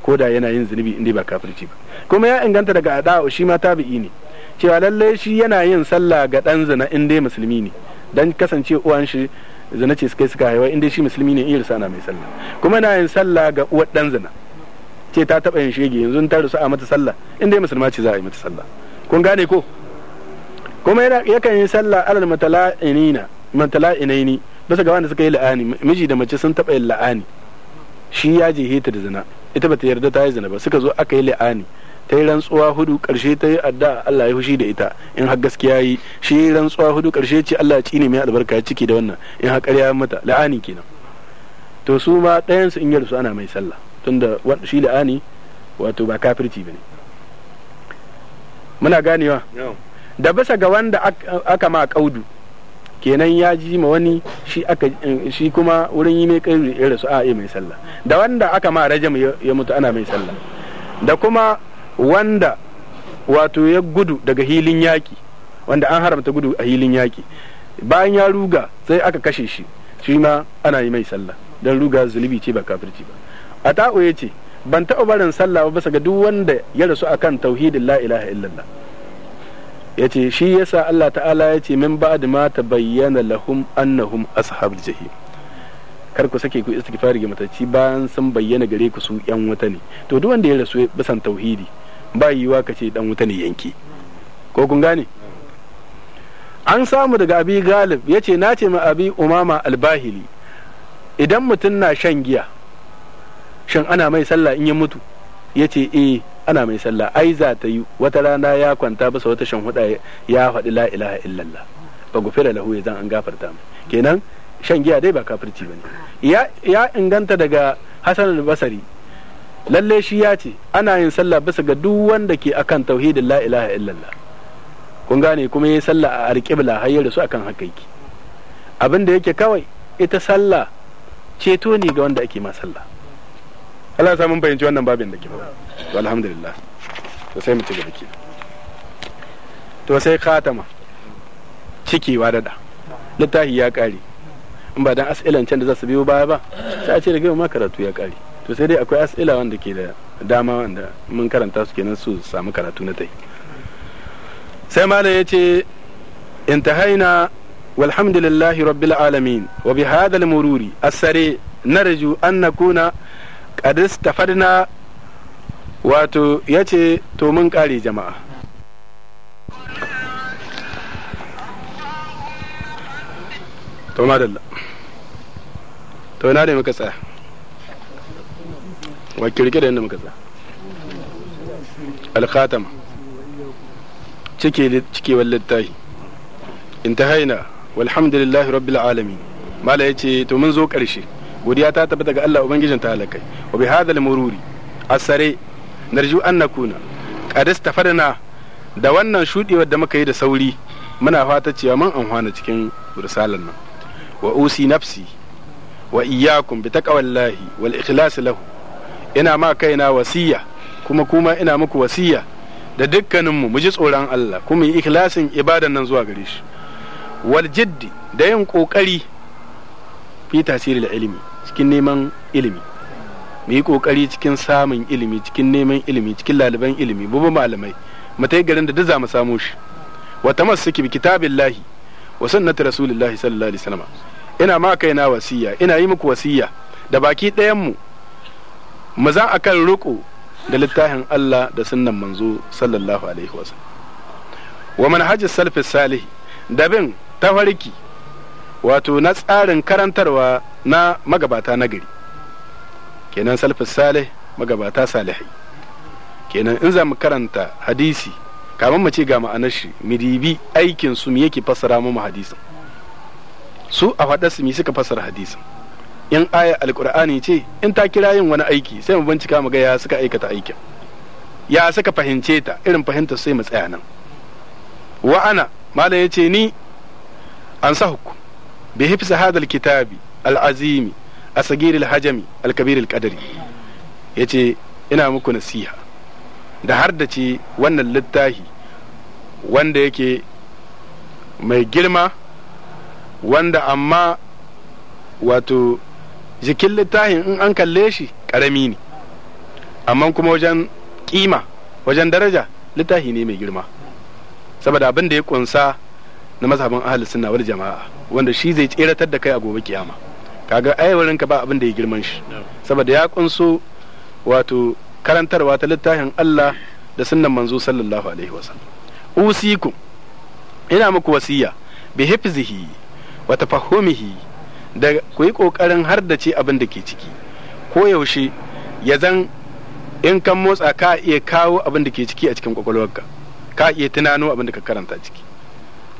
ko da yana yin zunubi in dai ba kafirci ba kuma ya inganta daga ada'u shi ma tabi'i ne cewa lallai shi yana yin sallah ga ɗan zina in dai musulmi ne dan kasance uwan shi zina ce suka suka haihuwa in dai shi musulmi ne iyarsa na mai sallah kuma yana yin sallah ga uwar ɗan zina ce ta taɓa yin shege yanzu ta rusa a mata sallah in dai musulma ce za a yi mata sallah kun gane ko kuma yakan yi sallah alal matala'inina matala'inaini bisa ga wanda suka yi la'ani miji da mace sun taɓa yin la'ani shi ya je hita da zina ita bata yarda ta yi zina ba suka zo aka yi la'ani ta yi rantsuwa hudu karshe ta yi adda Allah ya fushi da ita in har gaskiya yi shi rantsuwa hudu karshe ce Allah ya tsine mai albarka ciki da wannan in har ƙarya mata la'ani kenan to su ma ɗayan su in yi su ana mai sallah tunda shi la'ani wato ba kafirci bane muna ganewa da bisa ga wanda aka ma kaudu kenan ya ji ma wani shi aka shi kuma wurin yi mai kaudu ya rasu a mai sallah da wanda aka ma rajam ya mutu ana mai sallah da kuma wanda wato ya gudu daga hilin yaƙi wanda an haramta gudu a hilin yaƙi bayan ya ruga sai aka kashe shi shi ma ana yi mai sallah don ruga zulubi ce ba kafirci ba a ta'o ya ce ban taɓa barin sallah ba ga duk wanda ya rasu a kan tauhidin la ilaha illallah ya ce shi yasa Allah ta'ala ya ce min ba'ad ma bayyana lahum annahum ashabul jahim kar ku sake ku istighfari ga matacci bayan sun bayyana gare ku su yan wata ne to duk wanda ya rasu bisan tauhidi ba yiwa ka ce dan wuta ne yanke ko kun gane an samu daga abi galib ya ce na ce ma abi umama albahili idan mutum na shan giya shan ana mai sallah in ya mutu ya ce eh ana mai sallah ai za ta yi wata rana ya kwanta bisa wata shan huda ya faɗi la ilaha illallah ba gufira lahu ya zan an gafarta mai kenan shan giya dai ba kafirci ne ya inganta daga hasan al lalle shi ya ce ana yin sallah bisa ga duk wanda ke akan tauhidin la ilaha illallah kun gane kuma yi sallah a alƙibla har ya rasu akan hakiki abin da yake kawai ita sallah ceto ne ga wanda ake ma sallah Allah samun mun fahimci wannan babin da ke ba alhamdulillah to sai mu ci gaba ke to sai khatama wa dada littafi ya kare in ba dan as'ilan can da za su biyo baya ba sai a ce da gaba ma karatu ya kare to sai dai akwai as'ila wanda ke da dama wanda mun karanta su kenan su samu karatu na tai sai malam ya ce intahaina walhamdulillahi rabbil alamin wa bi hadha al mururi asare narju an nakuna qad istafadna wato yace to mun kare jama'a to madalla to na da muka tsaya wa kirge da yadda muka za alkhatama cike cikewar littahi haina walhamdulillahi rabbil alamin mala ce to mun zo karshe godiya ta tabbata daga Allah ubangijin ta halakai wa bi hadal mururi asare narju an na kuna. nakuna ta istafadna da wannan shudewar da muka yi da sauri muna fata cewa mun amfana cikin risalan nan wa usi nafsi wa iyakun bi taqwallahi wal ikhlas lahu ina ma kaina wasiya kuma kuma ina muku wasiya da dukkaninmu mu ji tsoron Allah kuma yi ikhlasin ibadan nan zuwa gare shi wal jiddi da yin kokari fi tasiri da ilimi cikin neman ilimi mu yi kokari cikin samun ilimi cikin neman ilimi cikin laliban ilimi bubu malamai mu tai garin da duk mu samu shi wa tamassuki bi kitabillahi wa sunnati rasulillahi sallallahu alaihi wasallam ina ma kaina wasiya ina yi muku wasiya da baki ɗayan mu mu za a kan roƙo da littafin Allah da sunnan manzo sallallahu alaihi wasallam wa manhaji salfi salih da bin tafarki wato na tsarin karantarwa na magabata nagari kenan salfi salih magabata salihai kenan in za mu karanta hadisi kamar mu ce ga ma'anar shi mu aikin su mu yake fassara mu hadisin su a faɗa su mi suka fassara hadisin in aya alkur'ani ce in ta kira yin wani aiki sai mu bincika mu ga ya suka aikata aikin ya suka fahimce ta irin fahimta sai mu tsaya nan wa ana malam yace ni an sahukum bi hifz hadha alkitabi alazimi asagir alhajami alkabir alqadari yace ina muku nasiha da har da ce wannan littafi wanda yake mai girma wanda amma wato jikin littafin in an kalle shi karami ne amma kuma wajen kima wajen daraja littafi ne mai girma saboda abin da ya kunsa na mazhabin ahli sunna wal jama'a wanda shi zai tseratar da kai a gobe kiyama kaga ayawarin ka ba abin da ya girman shi saboda ya kunso wato karantarwa ta littafin Allah da sunnan manzo sallallahu alaihi wasallam usikum ina muku wasiya bi hifzihi wa tafahumihi da ku yi ƙoƙarin har da ce abin da ke ciki ko yaushe ya zan in kan motsa ka iya kawo abin da ke ciki a cikin kwakwalwarka ka iya tunano abin da ka karanta ciki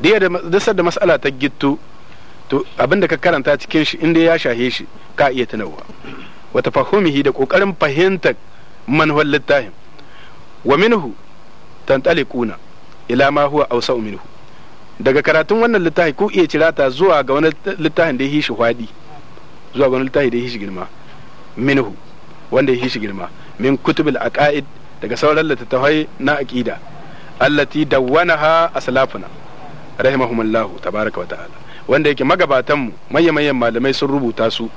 duk da matsala ta gitto to abin da ka karanta cikin shi inda ya shahe shi ka iya tunawa wata fahimhi da ƙoƙarin fahimtar manhwar littafin wa minhu tantaliquna ila ma huwa awsa'u minhu daga karatun wannan littafi ku iya cira ta zuwa ga wani littafin da ya hishi hwadi zuwa ga wani littafi da ya hishi girma minhu wanda ya hishi girma min kutubil aqaid daga sauran littattafai na aqida allati dawwanaha aslafuna rahimahumullah tabaraka wa ta'ala wanda yake magabatan mu mayyayen malamai sun rubuta su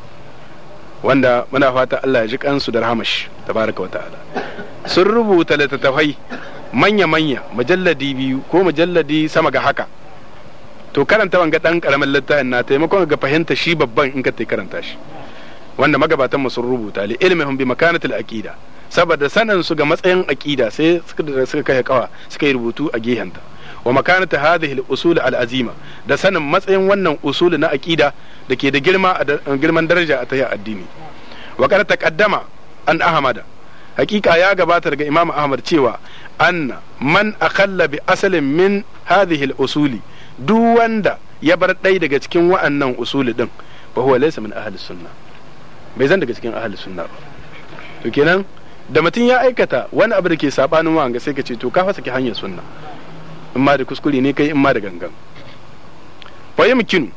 wanda muna fata Allah ya ji kansu da rahamash tabaraka wa ta'ala sun rubuta littattafai manya manya mujalladi biyu ko mujalladi sama ga haka to karanta wanga dan karamin littafin na taimakon ga fahimta shi babban in ka tai karanta shi wanda magabatan mu sun rubuta li ilmihum bi makanatil aqida saboda sanin su ga matsayin aqida sai suka kai kawa suka yi rubutu a gehenta wa makanata hadhihi al-usul al-azima da sanin matsayin wannan usul na aqida da ke da girma a girman daraja a tayyar addini wa qad taqaddama an ahmada hakika ya gabata daga imam ahmad cewa anna man akalla bi asalin min hadhihi al-usuli duk wanda ya bar ɗaya daga cikin wa'annan usuli ɗin ba huwa laisa min ahli sunna bai zan daga cikin ahli sunna ba to kenan da mutum ya aikata wani abu da ke sabanin ga sai ka ce to ka fasa ki hanyar sunna in ma da kuskure ne kai in ma da gangan fa yumkinu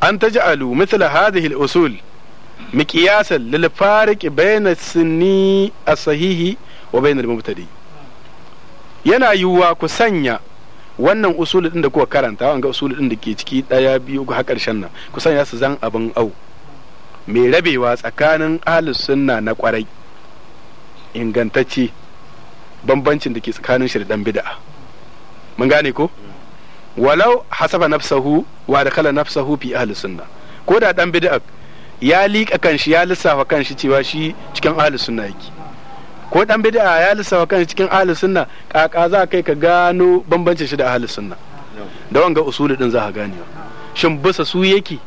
an taj'alu mithla hadhihi al-usul miqyasan lil fariq bayna sunni as-sahihi wa bayna al-mubtadi yana yiwuwa ku sanya wannan usulu din da kuka karanta ga usuli din da ke ciki daya biyu ga karshen nan ku sanya su zan abin au mai rabewa tsakanin ahlus sunna na kwarai ingantacce bambancin da ke tsakanin shi da bid'a mun gane ko walau hasaba nafsahu wa kala nafsahu fi ahlus sunna ko da dan bid'a ya liƙa kanshi ya lissafa kanshi cewa shi cikin ahlus sunna yake ko dan bid'a ya lissafa kan cikin ahli sunna kaka za kai ka gano bambancin shi da ahli sunna da wanga usuli din za ka gane shin bisa su yake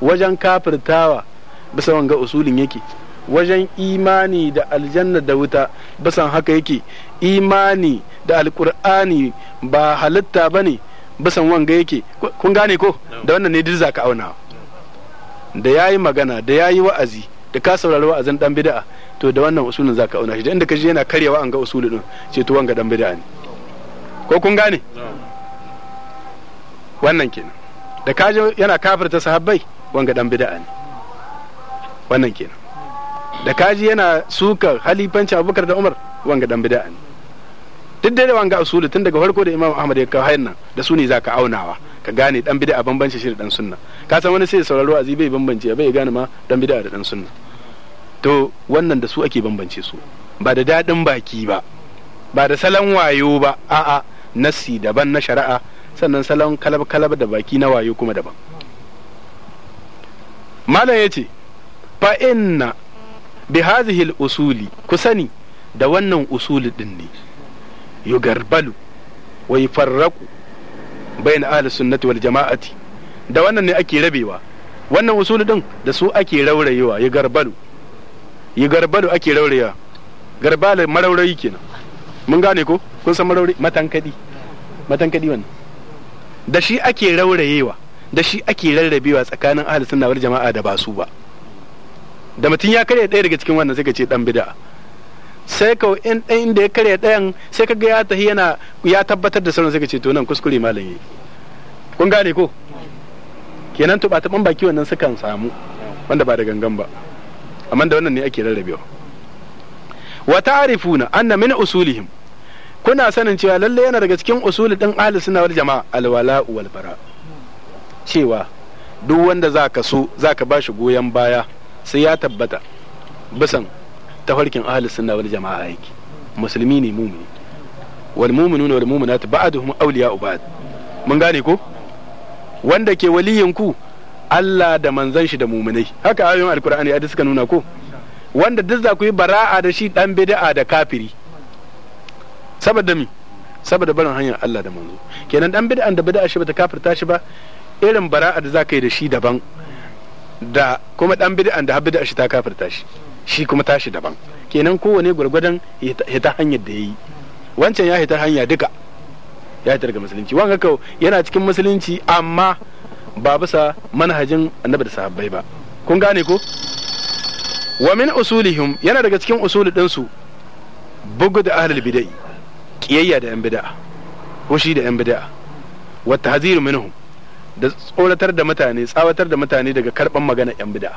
wajen kafirtawa bisa wanga usulin yake wajen imani da aljanna da wuta bisan haka yake imani da alkur'ani ba halitta ba ne bisan wanga yake kun gane ko da wannan ne duk ka auna da yayi magana da yayi wa'azi da ka saurari wa'azin dan bid'a to da wannan usulin za ka auna shi da inda ka je yana karyawa an ga usulin din ce to wanga dan bid'a ne ko kun gane wannan kenan da ka je yana kafirta sahabbai wanga dan bid'a ne wannan kenan da ka je yana suka halifanci Abubakar da Umar wanga dan bid'a ne duk da wanga usuli tun daga farko da Imam Ahmad ya kawo hayan nan da su ne za ka aunawa ka gane dan bid'a bambanci shi da dan sunna ka san wani sai sauraro azibai bambance bai gane ma dan bid'a da dan sunna to wannan da su ake bambance su ba da daɗin baki ba ba da salon wayo ba a'a nassi daban na shari'a sannan salon kalab-kalab da baki na wayo kuma daban malam ya ce fa inna bi hazihil usuli ku sani da wannan usuli din ne yugarbalu wa yufarraqu bayan ahli sunnati wal jama'ati da wannan ne ake rabewa wannan usuli din da su ake raurayewa yugarbalu yi garbalo ake rauraya garbalo maraurayi kenan mun gane ko kun san maraurayi matankadi matankadi wannan da shi ake raurayewa da shi ake rarrabewa tsakanin ahli sunna wal jama'a da ba su ba da mutum ya karya ɗaya daga cikin wannan sai ka ce dan bid'a sai ka in ɗan da ya karya ɗayan sai kaga ya tafi yana ya tabbatar da sauran sai ka ce to nan kuskure malami kun gane ko kenan tuba taban baki wannan sukan samu wanda ba da gangan ba amma da wannan ne ake rarrabewa wa ta'rifuna anna min usulihim kuna sanin cewa lalle yana daga cikin usuli din ahli sunna wal jama'a alwala wal bara cewa duk wanda zaka so zaka bashi goyon baya sai ya tabbata bisan tafarkin ahli sunna wal jama'a yake musulmi ne mumini wal mu'minuna wal mu'minat ba'duhum awliya'u ba'd mun gane ko wanda ke waliyin ku Allah da manzan shi da muminai haka ayoyin alkur'ani ya suka nuna ko wanda duk za ku yi bara'a da shi dan bid'a da kafiri saboda mi saboda barin hanyar Allah da manzo kenan dan bid'an da bid'a shi bata kafirta shi ba irin bara'a da za ka yi da shi daban da kuma dan bid'an da bid'a shi ta kafirta shi shi kuma tashi daban kenan kowane ya ta hanyar da yayi wancan ya hita hanya duka ya hita daga musulunci wanga yana cikin musulunci amma ba bisa manhajin annabi da sahabbai ba kun gane ko wa min usulihim yana daga cikin din ɗinsu bugu da ahlul bida'i. kiyayya da yan bid'a hushi da yan bid'a wa tahziru minhum da tsoratar da mutane tsawatar da mutane daga karban magana yan bid'a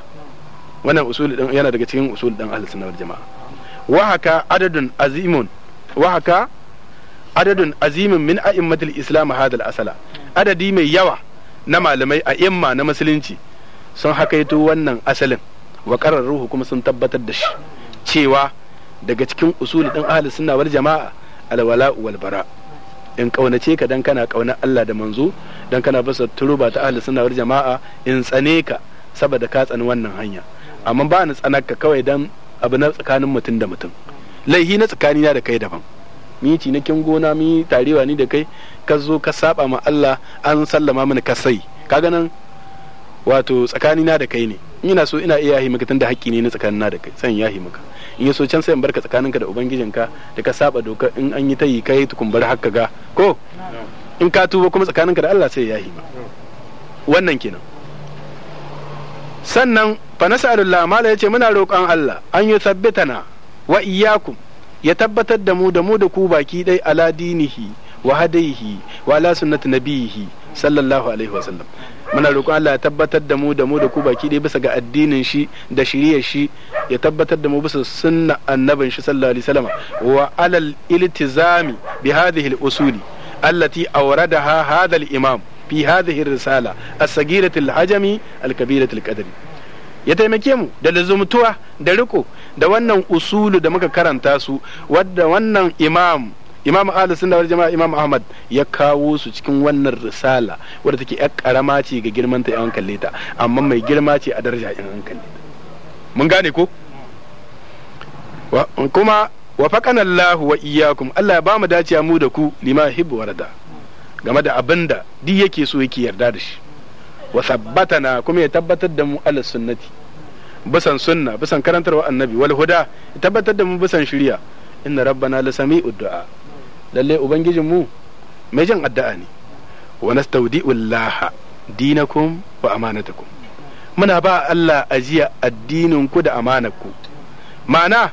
wannan usul din yana daga cikin usul din ahlus sunnah wal jamaa wa haka adadun azimun wa haka adadun azimin min a'immatil islam hadal asala adadi mai yawa na malamai a imma na musulunci sun hakaito wannan asalin wa ruhu kuma sun tabbatar da shi cewa daga cikin usuli din ahli sunna wal jama'a alwala wal bara in kaunace ka dan kana kaunar Allah da manzo dan kana basa turuba ta ahli sunna wal jama'a in tsane ka saboda ka tsani wannan hanya amma ba ni ka kawai dan abu na tsakanin mutum da mutum laihi na tsakanina da kai daban mu yi cinikin gona mu yi tarewa ni da kai ka zo ka saba ma Allah an sallama mana ka sai ga nan wato tsakanina da kai ne ina so ina iya yahi maka tunda haƙƙi ne na tsakanin na da kai san yahi maka in yaso can sai in barka tsakaninka da ka da ka saba doka in an yi ta yi kai tukumbar haka ga ko in ka tuba kuma tsakaninka da Allah sai yahi ma wannan kenan sannan fa nas'alullah mala yace muna roƙon Allah an yi sabbitana wa iyyakum ya tabbatar da mu da mu da ku baki dai ala dinihi wa hadaihi wa ala sunnati nabiyihi sallallahu alaihi wa sallam muna roƙon Allah ya tabbatar da mu da mu da ku baki dai bisa ga addinin shi da shiriyar shi ya tabbatar da mu bisa sunna annabin shi sallallahu alaihi wasallam wa alal iltizami bi hadhihi al-usuli allati awradaha hadha al-imam fi hadhihi ar-risala as-saghirati al-hajami al-kabirati al-qadri ya taimake mu da lazumtuwa da riko da wannan usulu da muka karanta su wadda wannan imam imam ahlu sun dawar jama'a imam ahmad ya kawo su cikin wannan risala wadda take yar karama ce ga girman ta yawan kalle ta amma mai girma ce a daraja yan kalle mun gane ko kuma wa faqana Allah wa iyyakum Allah ya bamu dace mu da ku lima hibbu warada game da abinda duk yake so yake yarda da shi wa sabbatana kuma ya tabbatar da mu ala sunnati bisan sunna bisan karantarwa annabi wal huda tabbatar da mu bisan shirya inna rabbana sami'u du'a lalle ubangijin mu mai jin addu'a ne wa llaha dinakum wa amanatakum muna ba Allah ajiya addinin ku da amanarku ma'ana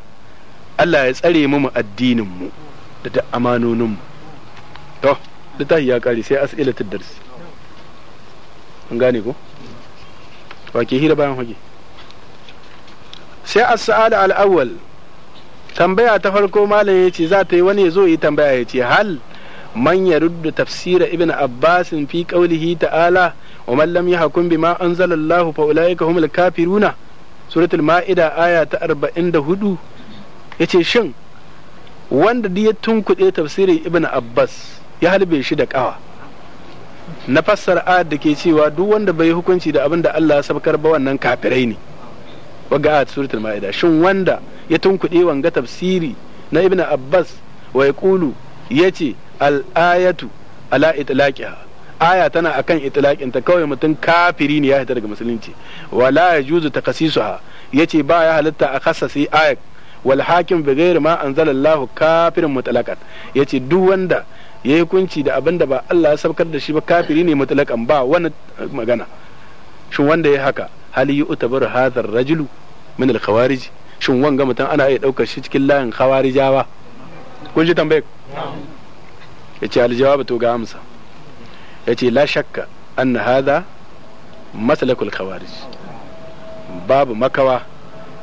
Allah ya tsare mu addinin mu da da amanonin mu to littafi ya kare sai as'ilatul darsi an gane ko wa ke hira bayan hage sai as-sa'ala al-awwal tambaya ta farko malam yace za ta yi wani ya zo yi tambaya yace hal man yaruddu tafsira ibn abbas fi qawlihi ta'ala wa man lam yahkum bima anzalallahu fa ulaika humul kafiruna suratul ma'ida aya ta 44 yace shin wanda duk ya tunkuɗe tafsirin ibn abbas ya halbe shi da ƙawa na fassara ayat da ke cewa duk wanda bai hukunci da abin da Allah ya sabkar ba wannan kafirai ne waga a suratul ma'ida shin wanda ya tunkuɗe wanga tafsiri na ibnu abbas wa ya kulu yace ce al'ayatu ala itlaqiha aya tana akan itlaqin ta kawai mutum kafiri ne ya hita daga musulunci wala yajuzu takhasisuha yace ba ya halitta a kasasi ayat wal hakim bi ghairi ma anzalallahu kafirin mutlaqan yace duk wanda yayi hukunci da abinda da ba Allah ya saukar da shi ba kafiri ne mutlaqan ba wani magana shin wanda ya haka hal yu'tabaru hadha ar-rajulu min al-khawarij shin wanga mutum ana iya daukar shi cikin layin khawarijawa kun ji tambayar yace al-jawab to ga amsa yace la shakka anna hadha maslakul khawarij babu makawa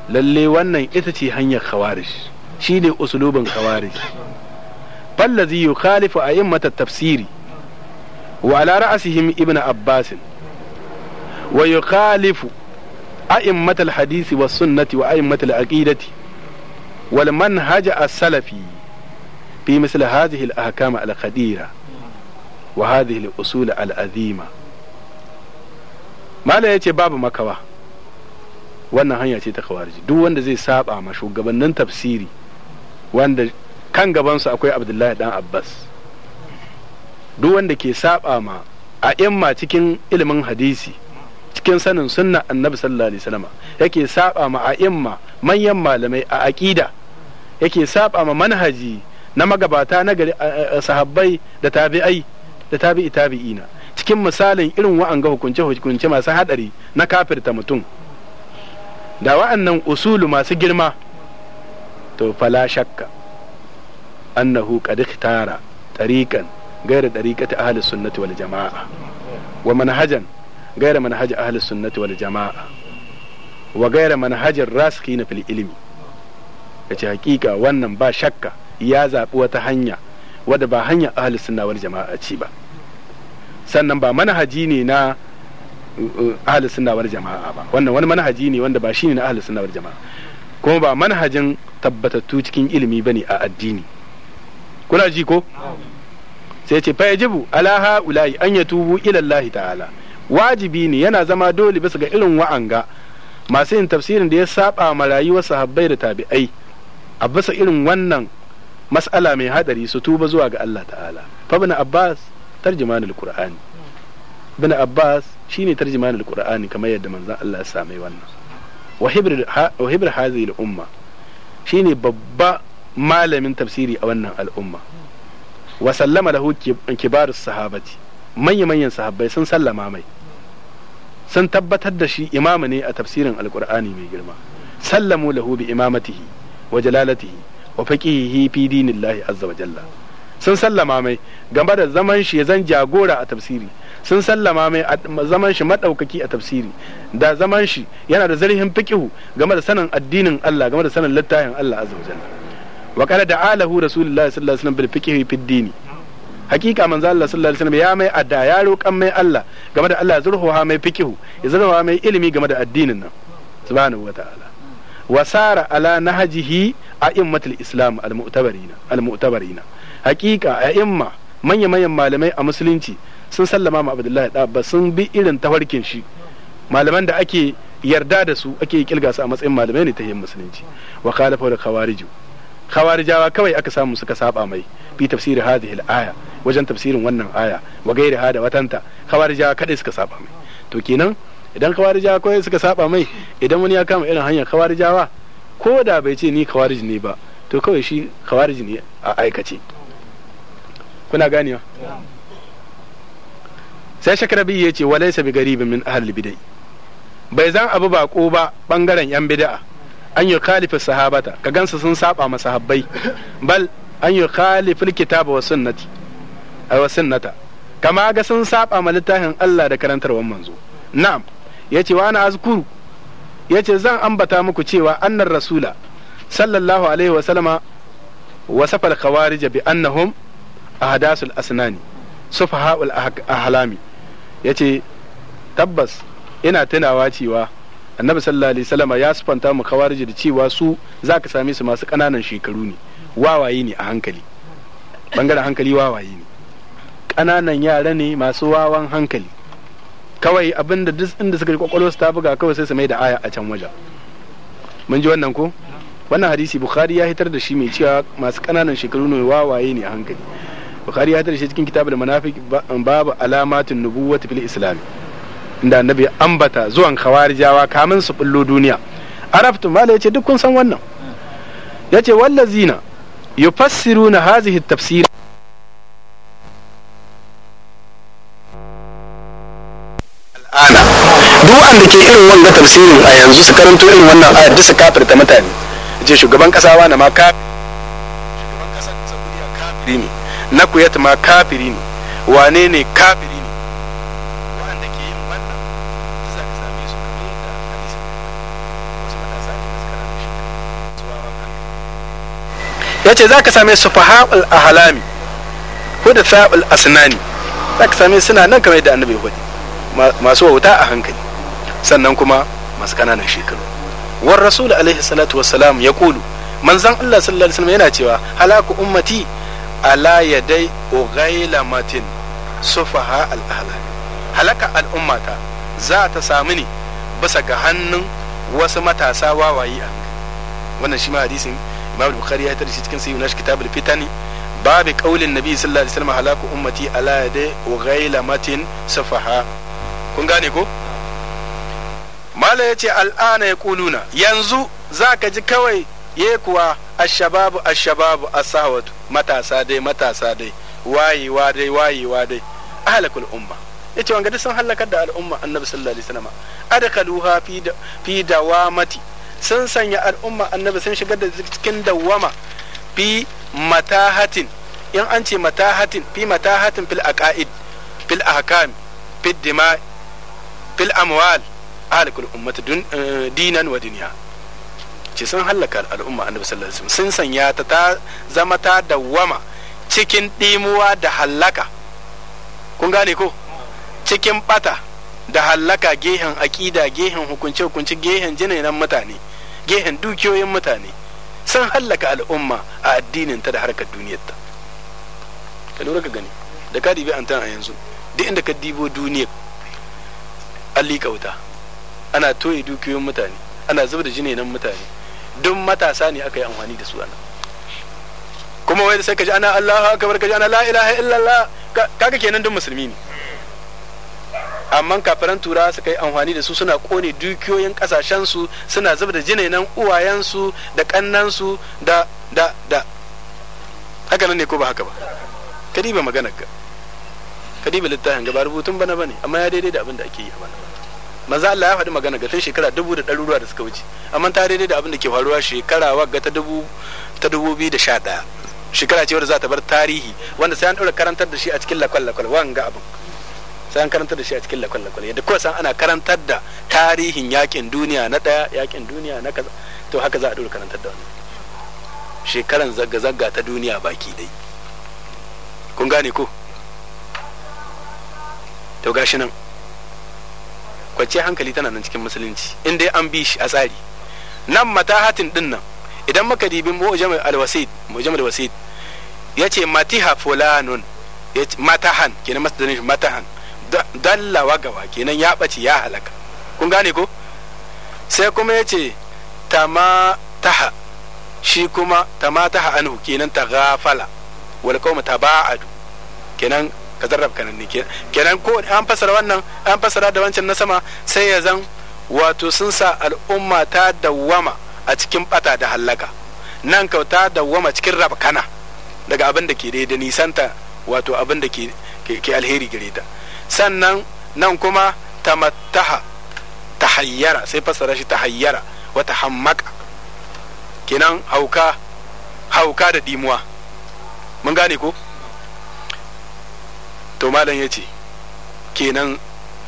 lalle wannan ita ce hanyar khawarij shine usulubin khawarij fallazi yukhalifu a'immata tafsiri wa ala ra'sihim ibnu Abbas? wa yukhalifu a'immatal hadisi was sunnati wa a'immatal aqidati wal manhaj as-salafi fi misl hadhihi al-ahkam al-khadira wa hadhihi babu makawa wannan hanya ce ta kawarji duk wanda zai saba ma shugabannin tafsiri wanda kan gabansu akwai abdullahi dan abbas duk wanda ke saba ma a imma cikin ilimin hadisi cikin sanin sunna annabi sallallahu alaihi wasallam yake saba ma a'imma manyan malamai a aqida yake saba ma manhaji na magabata na gari sahabbai da tabi'ai da tabi'i tabi'ina cikin misalin irin wa'anga hukunce hukunce masu hadari na kafirta mutum da wa'annan usulu masu girma to fala shakka annahu qad ikhtara tariqan ghayra tariqati ahli sunnati wal jama'a wa manhajan غير منهج أهل السنة والجماعة وغير منهج الراسخين في العلم yace hakika wannan ba shakka ya zaɓi wata hanya wadda ba hanya ahli sunna wal jama'a ce ba sannan ba manhaji ne na ahli sunna wal jama'a ba wannan wani manhaji ne wanda ba shi ne na ahli sunna wal jama'a kuma ba manhajin tabbatattu cikin ilimi bane a addini kuna ji ko sai ce fa yajibu ala ulai an yatubu ila Allah ta'ala wajibi ne yana zama dole bisa ga irin wa'anga masu yin tafsirin da ya saba ma rayuwar sahabbai da tabi'ai a bisa irin wannan mas'ala mai hadari su tuba zuwa ga Allah ta'ala fa bin Abbas tarjimanul Qur'ani bin Abbas shine tarjimanul Qur'ani kamar yadda manzon Allah ya same wannan wa hibr wa hibr hazil umma shine babba malamin tafsiri a wannan al'umma wa sallama lahu kibarus sahabati manya-manyan sahabbai sun sallama mai sun tabbatar da shi imama ne a tafsirin alkur'ani mai girma sallamu lahu bi imamatihi wa jalalatihi wa faqihihi fi dinillahi azza wa jalla sun sallama mai game da zaman shi ya zan jagora a tafsiri sun sallama mai zaman shi madaukaki a tafsiri da zaman shi yana da zarhin fiqihu game da sanin addinin Allah game da sanin littafin Allah azza wa jalla wa qala alahu rasulullahi sallallahu alaihi wasallam bil fiqihi fid dini hakika manzo Allah sallallahu alaihi wasallam ya mai adda ya roƙan mai Allah game da Allah ha mai fikihu ya zurhu mai ilimi game da addinin nan subhanahu wataala wasara ala nahjihi immatul islam al-mu'tabarina al-mu'tabarina hakika a'imma manya manyan malamai a musulunci sun sallama ma Abdullahi da sun bi irin tafarkin shi malaman da ake yarda da su ake kilga su a matsayin malamai ne ta yin musulunci wa khalafa da khawarij khawarijawa kawai aka samu suka saba mai bi tafsiri hadhihi al-aya wajen tafsirin wannan aya wa gairi hada watanta khawarija kadai suka saba mai to kenan idan khawarija kawai suka saba mai idan wani ya kama irin hanyar khawarijawa ko da bai ce ni khawarij ne ba to kawai shi khawarij ne a aikace kuna ganewa sai shakarabi ya ce walaysa bi garibin min ahli bidai bai zan abu bako ba bangaren yan bid'a an yi khalifin sahabata ka gansa sun saba ma habbai bal an yi khalifin kitaba wa sunnati wa sunnata kama ga sun saba ma littafin Allah da karantar karantarwar manzo na'am yace wa ana azkuru yace zan ambata muku cewa annar rasula sallallahu alaihi wa sallama wasafa al-khawarij bi annahum ahdasul asnani sufaha'ul ah-, ahlami yace tabbas ina tunawa cewa annabi sallallahu alaihi wasallama ya sufanta mu kawariji da cewa su za ka same su masu ƙananan shekaru ne wawaye ne a hankali bangaren hankali wawaye ne ƙananan yara ne masu wawan hankali kawai abin da duk inda suka kwakwalwa su ta buga kawai sai su mai da aya a can waje mun ji wannan ko wannan hadisi bukhari ya hitar da shi mai cewa masu ƙananan shekaru ne wawaye ne a hankali bukhari ya hitar da shi cikin kitabul manafiq babu alamatun nubuwwati fil islam inda annabi ambata zuwan khawarijawa kamin su bullo duniya arabtu mala yace duk kun san wannan yace wallazina yufassiruna hazihi tafsira duk wanda ke irin wanga tafsirin a yanzu su karanto irin wannan aya duk su kafirta mutane je shugaban kasa wani ma kafiri shugaban kasa saudiya kafiri ne na kuyat ma kafiri ne wane ne kafiri ne wanda ke yin wannan za ka same su kamar yadda hadisi wasu matasa ne da suka rana shi ya ce za ka same su fahaɓul ahalami hudu sa'ul asnani za ka same suna nan kamar yadda annabi hudu masu wauta a hankali sannan kuma masu kananan shekaru war rasul alaihi salatu wassalam ya kulu manzan Allah sallallahu alaihi wasallam yana cewa halaku ummati ala yadai ughaila matin sufaha al ahla halaka al ummata za ta samu ne bisa ga hannun wasu matasa wawaye a wannan shi ma hadisin imam bukhari ya shi cikin nashi kitabul fitani babu qaulin nabi sallallahu alaihi wasallam halaku ummati ala yadai ughaila matin sufaha kun gane ko mala ya ce al'ana ya kuluna yanzu za ka ji kawai ya kuwa ashababu ashababu asawatu matasa dai matasa dai wayewa dai wayewa dai ahlakul umma ya ce wangadi sun halakar da al'umma annabi sallallahu alaihi wasallam adkhaluha fi fi dawamati sun sanya al'umma annabi sun shigar da cikin dawama fi matahatin in an ce matahatin fi matahatin fil aqaid fil ahkam fil dima'i fil amwal ahalikul ummati eh, dinan wa duniya ce sun hallaka al'umma annabi sallallahu alaihi sun sanya ta ta zama ta dawwama cikin dimuwa da hallaka kun gane ko cikin bata da hallaka gehen aƙida gehen hukunce hukunce gehen jinainan mutane gehen dukiyoyin mutane sun hallaka al'umma a addinin ta da harkar ta. ka lura ka gani da ka dibi an a yanzu duk inda ka dibo duniyar an liƙa wuta ana toye dukiyoyin mutane ana zuba da jinenan mutane duk matasa ne aka yi amfani da su ana kuma wai sai ka ji ana Allahu akbar ka ji ana la ilaha illallah kaga kenan duk musulmi ne amma kafiran tura suka yi amfani da su suna kone dukiyoyin su, suna zuba da jinenan su da su, da da da haka nan ne ko ba haka ba ba magana ka kadiba littafin gaba rubutun bana bane amma ya daidai da abin da ake yi a bana maza Allah ya faɗi magana ga tun shekara dubu da ɗaruruwa da suka wuce amma ta daidai da abin da ke faruwa shekara wagga ta dubu ta dubu biyu da sha ɗaya shekara ce wadda za ta bar tarihi wanda sai an ɗora karantar da shi a cikin lakwal lakwal wanga abin sai an karantar da shi a cikin lakwal lakwal yadda ko san ana karantar da tarihin yakin duniya na ɗaya yakin duniya na kaza to haka za a ɗora karantar da wannan shekaran zagga zagga ta duniya baki dai kun gane ko to gashi nan kwace hankali tana nan cikin musulunci in dai an bi shi a tsari nan matahatin din nan idan muka dibi mu'jamul alwasid mu'jamul wasid yace matiha fulanun yace matahan kenan masdarin matahan dalla wagawa kenan ya bace ya halaka kun gane ko sai kuma yace tamataha shi kuma tamataha anhu kenan ta gafala wal qawm taba'adu kenan ka zarrab ne kenan ko an fasara wannan an fasara da wancan na sama sai ya zan wato sun sa al'umma ta dawwama a cikin bata da hallaka nan ka ta dawwama cikin rabkana daga abin da ke da nisanta wato abin da ke alheri gare ta sannan nan kuma tamattaha tahayyara sai fasara shi tahayyara wata hammaka kenan hauka hauka da dimuwa mun gane ko to malam ya ce kenan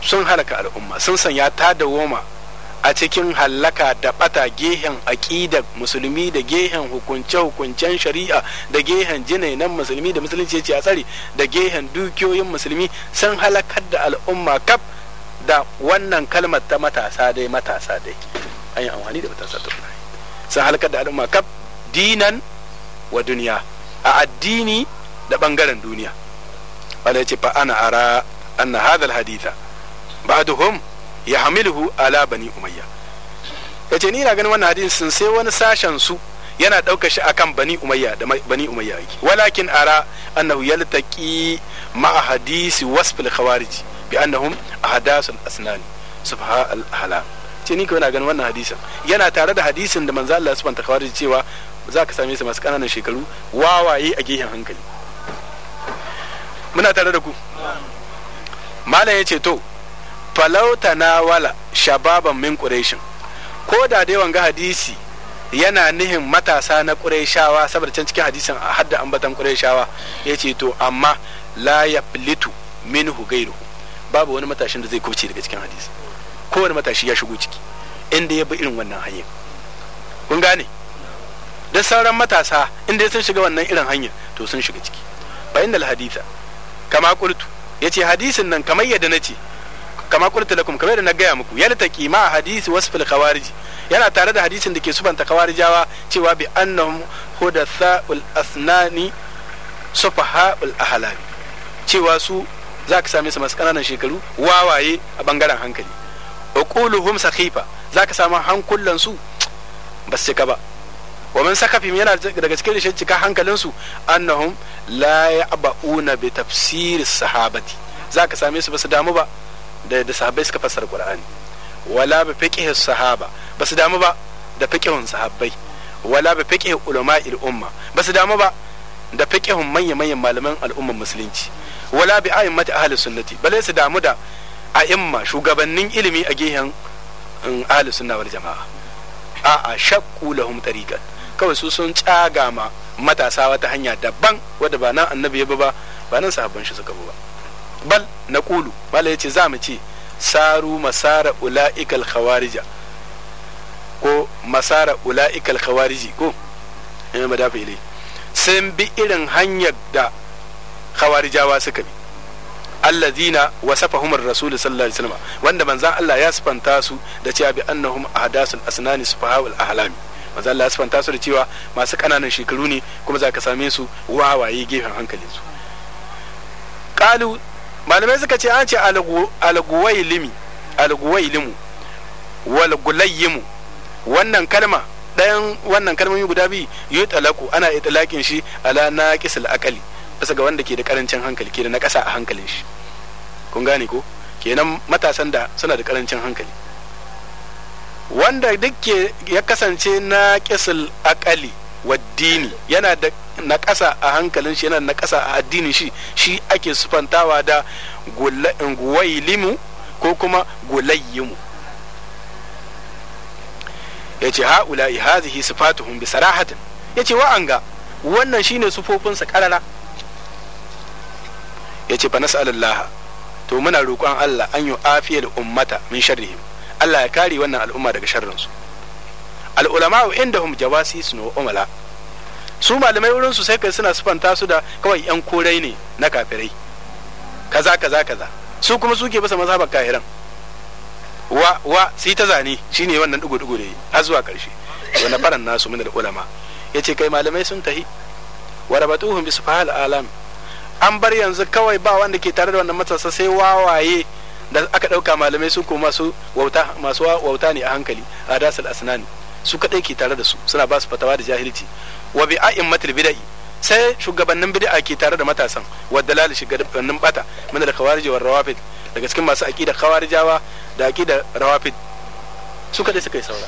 sun halaka al'umma sun sanya ta da woma a cikin hallaka da bata gehen aƙidar musulmi da gehen hukunce-hukuncen shari'a da gehen jinainan musulmi da musulunci ce a tsari da gehen dukiyoyin musulmi sun halakar da al'umma kaf da wannan kalmar ta matasa dai matasa dai an yi amfani da matasa ta sun halakar da al'umma kaf dinan wa duniya a addini da bangaren duniya wanda ya ce fa ana ara hadal hadha alhaditha ya yahmiluhu ala bani umayya ce ni na ganin wannan hadisin sai wani sashen su yana ɗaukar shi akan bani umayya da bani umayya yake walakin ara annahu yaltaqi ma'a hadisi wasf al-khawarij bi annahum ahdath al-asnan subha al-ahla ce ni kawai na ganin wannan hadisin yana tare da hadisin da manzo Allah subhanahu wa ta'ala cewa za zaka same su masu kananan shekaru wawaye a gehen hankali muna tare da ku malam ya ce to falauta na wala shababan min ƙureshin ko da dai wanga hadisi yana nihin matasa na ƙureshawa saboda can cikin hadisin a hadda ambatan ƙureshawa ya ce to amma la ya filitu min hugairu babu wani matashin da zai kuce daga cikin hadisi wani matashi ya shigo ciki inda ya bi irin wannan hanyar kun gane da sauran matasa inda sun shiga wannan irin hanyar to sun shiga ciki bayan da hadisa. kama ya yace hadisin nan kamar yadda na ce kama kultu lakum kamar yadda na gaya muku kima ma hadisi wasfil khawarij yana tare da hadisin da ke subanta khawarijawa cewa bi annahum ul asnani ul ahlami cewa su za ka same su masu kananan shekaru wawaye a bangaren hankali uquluhum sakhifa za ka samu hankulan su ba su ka ba wa min sakafim yana daga cikin rishin cika hankalinsu annahum la ya'ba'una bi tafsir sahabati zaka same su basu damu ba da da sahabbai suka fassara qur'ani wala bi fiqh sahaba basu damu ba da fiqhun sahabbai wala bi fiqh ulama'il umma basu damu ba da fiqhun manya manyan malaman al'ummar musulunci wala bi a'immat ahli sunnati bale su damu da a'imma shugabannin ilimi a gehen um, ahli sunna wal jama'a a'a shaqqu lahum tariqan kawai su sun caga ma matasa wata hanya daban wadda ba nan annabi ya ba ba nan sahabban shi suka ba bal na kulu bala ya ce za mu ce saru masara ula'ikal khawarija ko masara ula'ikal khawariji ko yana eh, madafa ilai sun bi irin hanyar da khawarijawa suka bi allazina wasafahum ar-rasul sallallahu alaihi wasallam wanda manzon Allah ya sifanta su da cewa bi annahum ahdasul asnani sufaha'ul ahlami manzo Allah ya sifanta su da cewa masu kananan shekaru ne kuma za ka same su wawaye gefen hankalin su qalu malamai suka ce an ce alguwailimi alguwailimu wal gulayyimu wannan kalma ɗayan wannan kalmomi guda biyu yi talaku ana italakin shi ala naqisil aqali bisa ga wanda ke da karancin hankali ke da na ƙasa a hankalin shi kun gane ko kenan matasan da suna da karancin hankali wanda dukke ya kasance na kisul akali dini yana da na ƙasa a hankalin shi yana na ƙasa a addinin shi shi ake sufantawa da guwailimu ko kuma gulayyimu ya ce ha'ula'i hazihi sifatuhum bi sarahatin ya ce wa'anga wannan shi ne sufofinsa ƙarara ya ce fa nas'alallah to muna roƙon Allah an yi afiyar ummata min sharrihim Allah ya kare wannan al'umma daga sharrin su wa inda hum jawasi wa umala su malamai wurin su sai kai suna sufanta su da kawai yan korai ne na kafirai kaza kaza kaza su kuma suke basa mazhabar kahiran wa wa sai ta zane shine wannan dugu dugu ne har zuwa karshe wani faran nasu min al'ulama yace kai malamai sun tahi wa rabatuhum bi sufahal alam an bar yanzu kawai ba wanda ke tare da wannan matsasa sai wawaye da aka ɗauka malamai su ko masu wauta masu wauta ne a hankali a dasal asnani su kadai ke tare da su suna ba su fatawa da jahilci wa bi matil bid'i sai shugabannin bid'a ke tare da matasan wa dalal shugabannin bata min al khawarij wa rawafid daga cikin masu aqida khawarijawa da aqida rawafid su kadai suka yi saura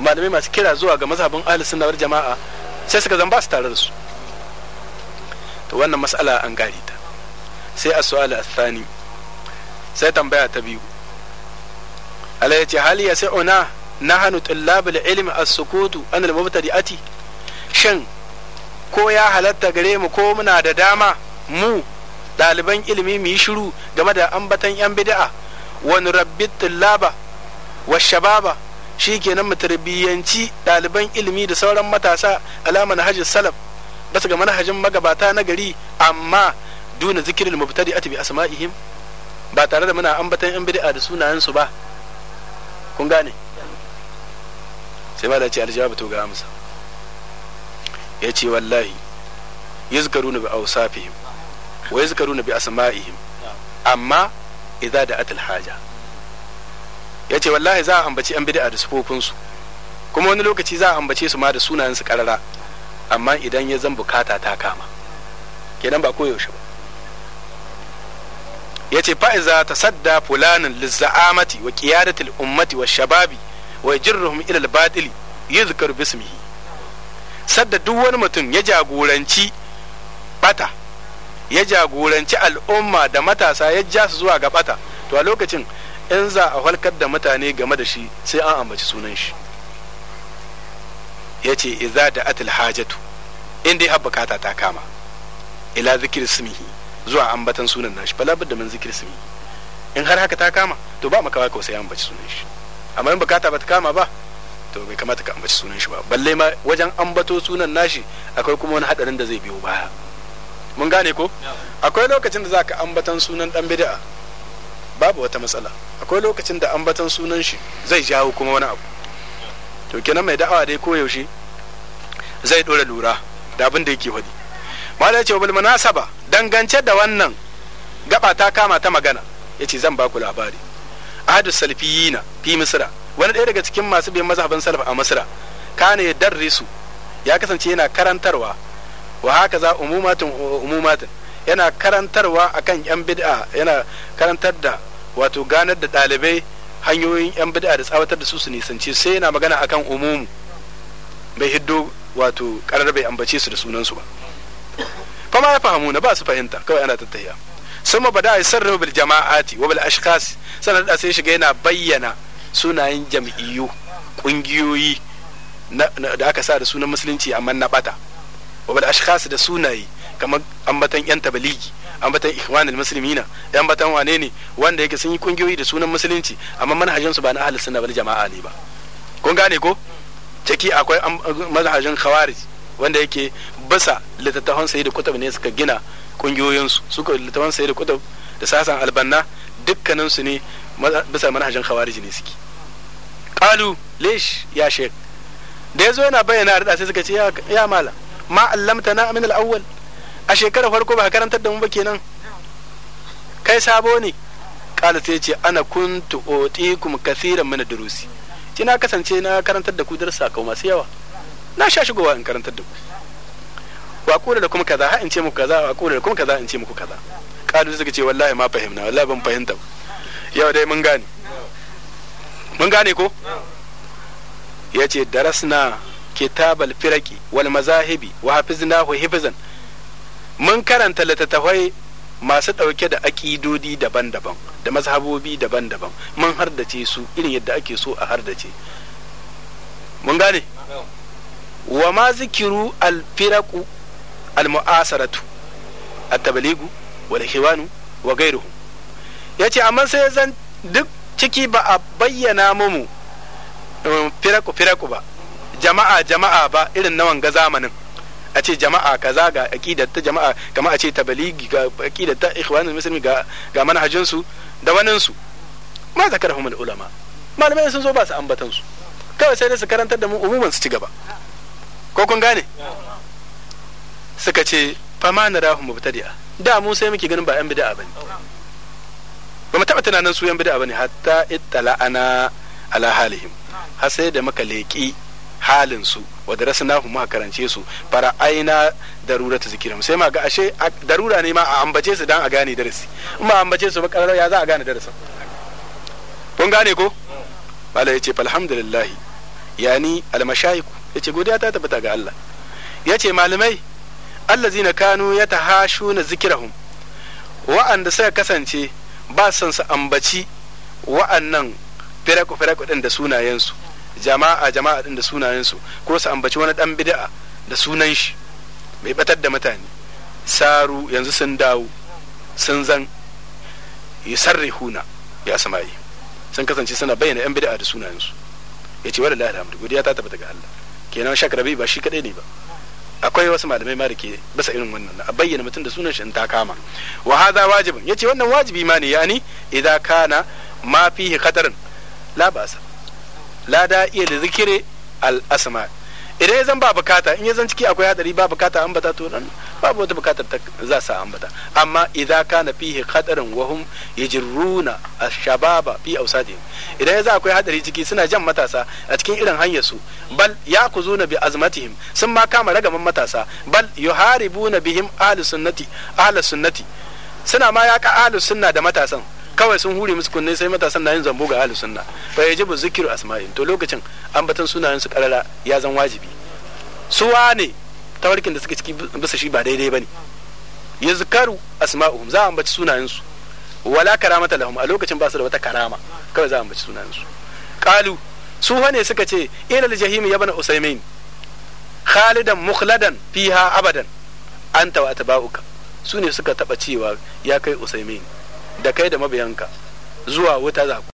malamai masu kira zuwa ga mazhabin ahlus sunna wal jama'a sai suka zan ba su tare da su to wannan mas'ala an gari ta sai as-su'al ath-thani sai tambaya ta biyu hali ya ce hal ya tullaba da ilimi ilimin a sukutu an da ati shin ko ya halatta gare mu ko muna da dama mu ɗaliban ilimi mu yi shiru game da ambatan yan bid'a wani rabbi tullaba wa shababa kenan mu tarbiyyanci ɗaliban ilimi da sauran matasa alama na hajji salaf basu ga manhajin magabata na gari amma duna zikirin mubtadi'ati bi asma'ihim ba tare da muna ambatan yan bid'a da sunayensu ba kun gane sai ma da ce aljawab to ga amsa ya ce wallahi na bi awsafihim wa na bi asma'ihim amma idza da atal haja ya ce wallahi za a ambaci yan bid'a da sufofinsu kuma wani lokaci za a ambace su ma da sunayensu karara amma idan ya zan bukata ta kama kenan ba koyaushe ba yace fa'iza ta sadda fulanin lizza'amati wa qiyadatil ummati wa shababi wa jirruhum ila al-batil yuzkaru bismihi sadda duk wani mutum ya jagoranci bata ya jagoranci al'umma da matasa ya ja su zuwa ga bata to a lokacin in za a halkar da mutane game da shi sai an ambaci sunan shi ya ce iza da atil hajatu inda dai bukata ta kama ila zikir smihi zuwa ambatan sunan nashi fala da min zikir simi in har haka ta kama to ba makawa ka sai ambaci sunan shi amma in bukata ba ta kama ba to bai kamata ka ambaci sunan shi ba balle ma wajen ambato sunan nashi akwai kuma wani hadarin da zai biyo baya mun gane ko akwai lokacin da za ka ambatan sunan dan bid'a babu wata matsala akwai lokacin da ambatan sunan shi zai jawo kuma wani abu to kenan mai da'awa dai koyaushe zai dora lura da abin da yake faɗi malai ya ce bil munasaba dangance da wannan gaba ta kama ta magana ya ce zan baku labari ahadu salfiyina fi misra wani ɗaya daga cikin masu biyan mazhabin salaf a misra kana ya darrisu ya kasance yana karantarwa wa haka za umumatin umumatin yana karantarwa akan yan bid'a yana karantar da wato ganar da ɗalibai hanyoyin yan bid'a da tsawatar da su su nisance sai yana magana akan umumu bai hiddo wato karar bai ambace su da sunansu ba fa ma yafhamuna ba su fahimta kawai ana tattahiya summa bada yusarru bil jama'ati wa bil ashkhas sanan da sai shiga yana bayyana sunayen jam'iyyu kungiyoyi da aka sa da sunan musulunci amma na bata wa bil ashkhas da sunaye kamar ambatan yan tabaligi ambatan ikhwanul muslimina yan batan wane ne wanda yake sun yi kungiyoyi da sunan musulunci amma manhajin su ba na ahlus sunna wal jama'a ne ba kun gane ko ciki akwai manhajin khawarij wanda yake bisa littattafan sai da kutub ne suka gina kungiyoyinsu suka littattafan sai da kutub da sasan albanna dukkaninsu ne bisa manhajin khawarij ne suke qalu lish ya shek da yazo yana bayyana da sai suka ce ya mala ma allamtana min al-awwal a shekarar farko ba karantar da mu ba kenan kai sabo ne kala sai ce ana kuntu otikum kathiran min durusi kina na kasance na karantar da ku darsa kuma sai yawa na sha shigowa in karantar da ku wa da kuma kaza ha in ce muku kaza wa da kuma kaza in ce muku kaza kalu suka ce wallahi ma fahimna wallahi ban fahimta yau dai mun gane mun gane ko ya ce darasna kitab al-firaqi wal mazahibi wa hafiznahu hifzan mun karanta littattafai masu ɗauke da aƙidodi daban-daban da mazhabobi daban-daban mun hardace su irin yadda ake so a hardace mun gane wa ma zikiru al alfiraku almu'asaratu muasaratu at-tabligu wal hiwanu wa gairuhu yace amma sai zan duk ciki ba a bayyana mu um, firaku firaku ba jama'a jama'a ba irin na wanga zamanin a ce jama'a kaza ga aqidar ta jama'a kamar a ce tabligi ga aqidar ta ikhwanul muslimi ga ga manhajin su da wanin su ma zakarhum al ulama malamai sun zo ba su ambatan su kawai sai da su karantar da mu umuman su ci gaba ko kun gane suka ce fama na rahu mubtadi'a da mu sai muke ganin ba yan bid'a bane ba mu taba tunanin su yan bid'a bane hatta ana ala halihim har sai da muka leki halin su wa darasnahu muka karance su fara aina darurata zikirin sai ma ga ashe darura ne ma a ambace su dan a gane darasi in ma ambace su ba karara ya za a gane darasin kun gane ko malai yace alhamdulillah yani almashayikh yace godiya ta tabbata ga Allah yace malamai allazina kanu ya tahashuna zikirahum wa'anda suka kasance ba son su ambaci wa'annan firaku firaku din da sunayensu jama'a jama'a din da sunayensu ko su ambaci wani dan bid'a da sunan shi mai batar da mutane saru yanzu sun dawo sun zan yusarrihuna ya samayi sun kasance suna bayyana yan bid'a da sunayensu yace wallahi alhamdu godiya ta tabbata ga Allah kenan shakrabi ba shi kadai ne ba akwai wasu malamai ma da ke basa irin wannan a bayyana mutum da sunan shi in ta kama wa hadha wajibin yace wannan wajibi ma ne yani idza kana ma fihi khatarun la ba'sa la da iya da zikire al asma idan ya zan ba bukata in ya zan ciki akwai hadari ba bukata ambata to nan babu wata bukatar ta za su ambata amma idza kana fihi khatarin wa hum yajruna ashababa shababa fi idan ya za akwai hadari ciki suna jan matasa a cikin irin hanyar su bal yakuzuna bi azmatihim sun ma kama ragaman matasa bal yuharibuna bihim ahli sunnati ahli sunnati suna ma yaka ahli sunna da matasan kawai sun hure musu kunne sai matasan na yin zambo ga ahli sunna fa yajibu zikru asma'in to lokacin ambatan sunayen su karara ya zan wajibi su wane tawarkin da suke ciki bisa shi ba daidai bane yazkaru asma'uhum za a ambaci sunayen su wala karamata lahum a lokacin ba su da wata karama kawai za a ambaci sunayen su qalu su wane suka ce ilal jahim yabna usaymin khalidan mukhladan fiha abadan anta wa atba'uka su ne suka taba cewa ya kai usaymin da kai da mabiyanka zuwa wuta za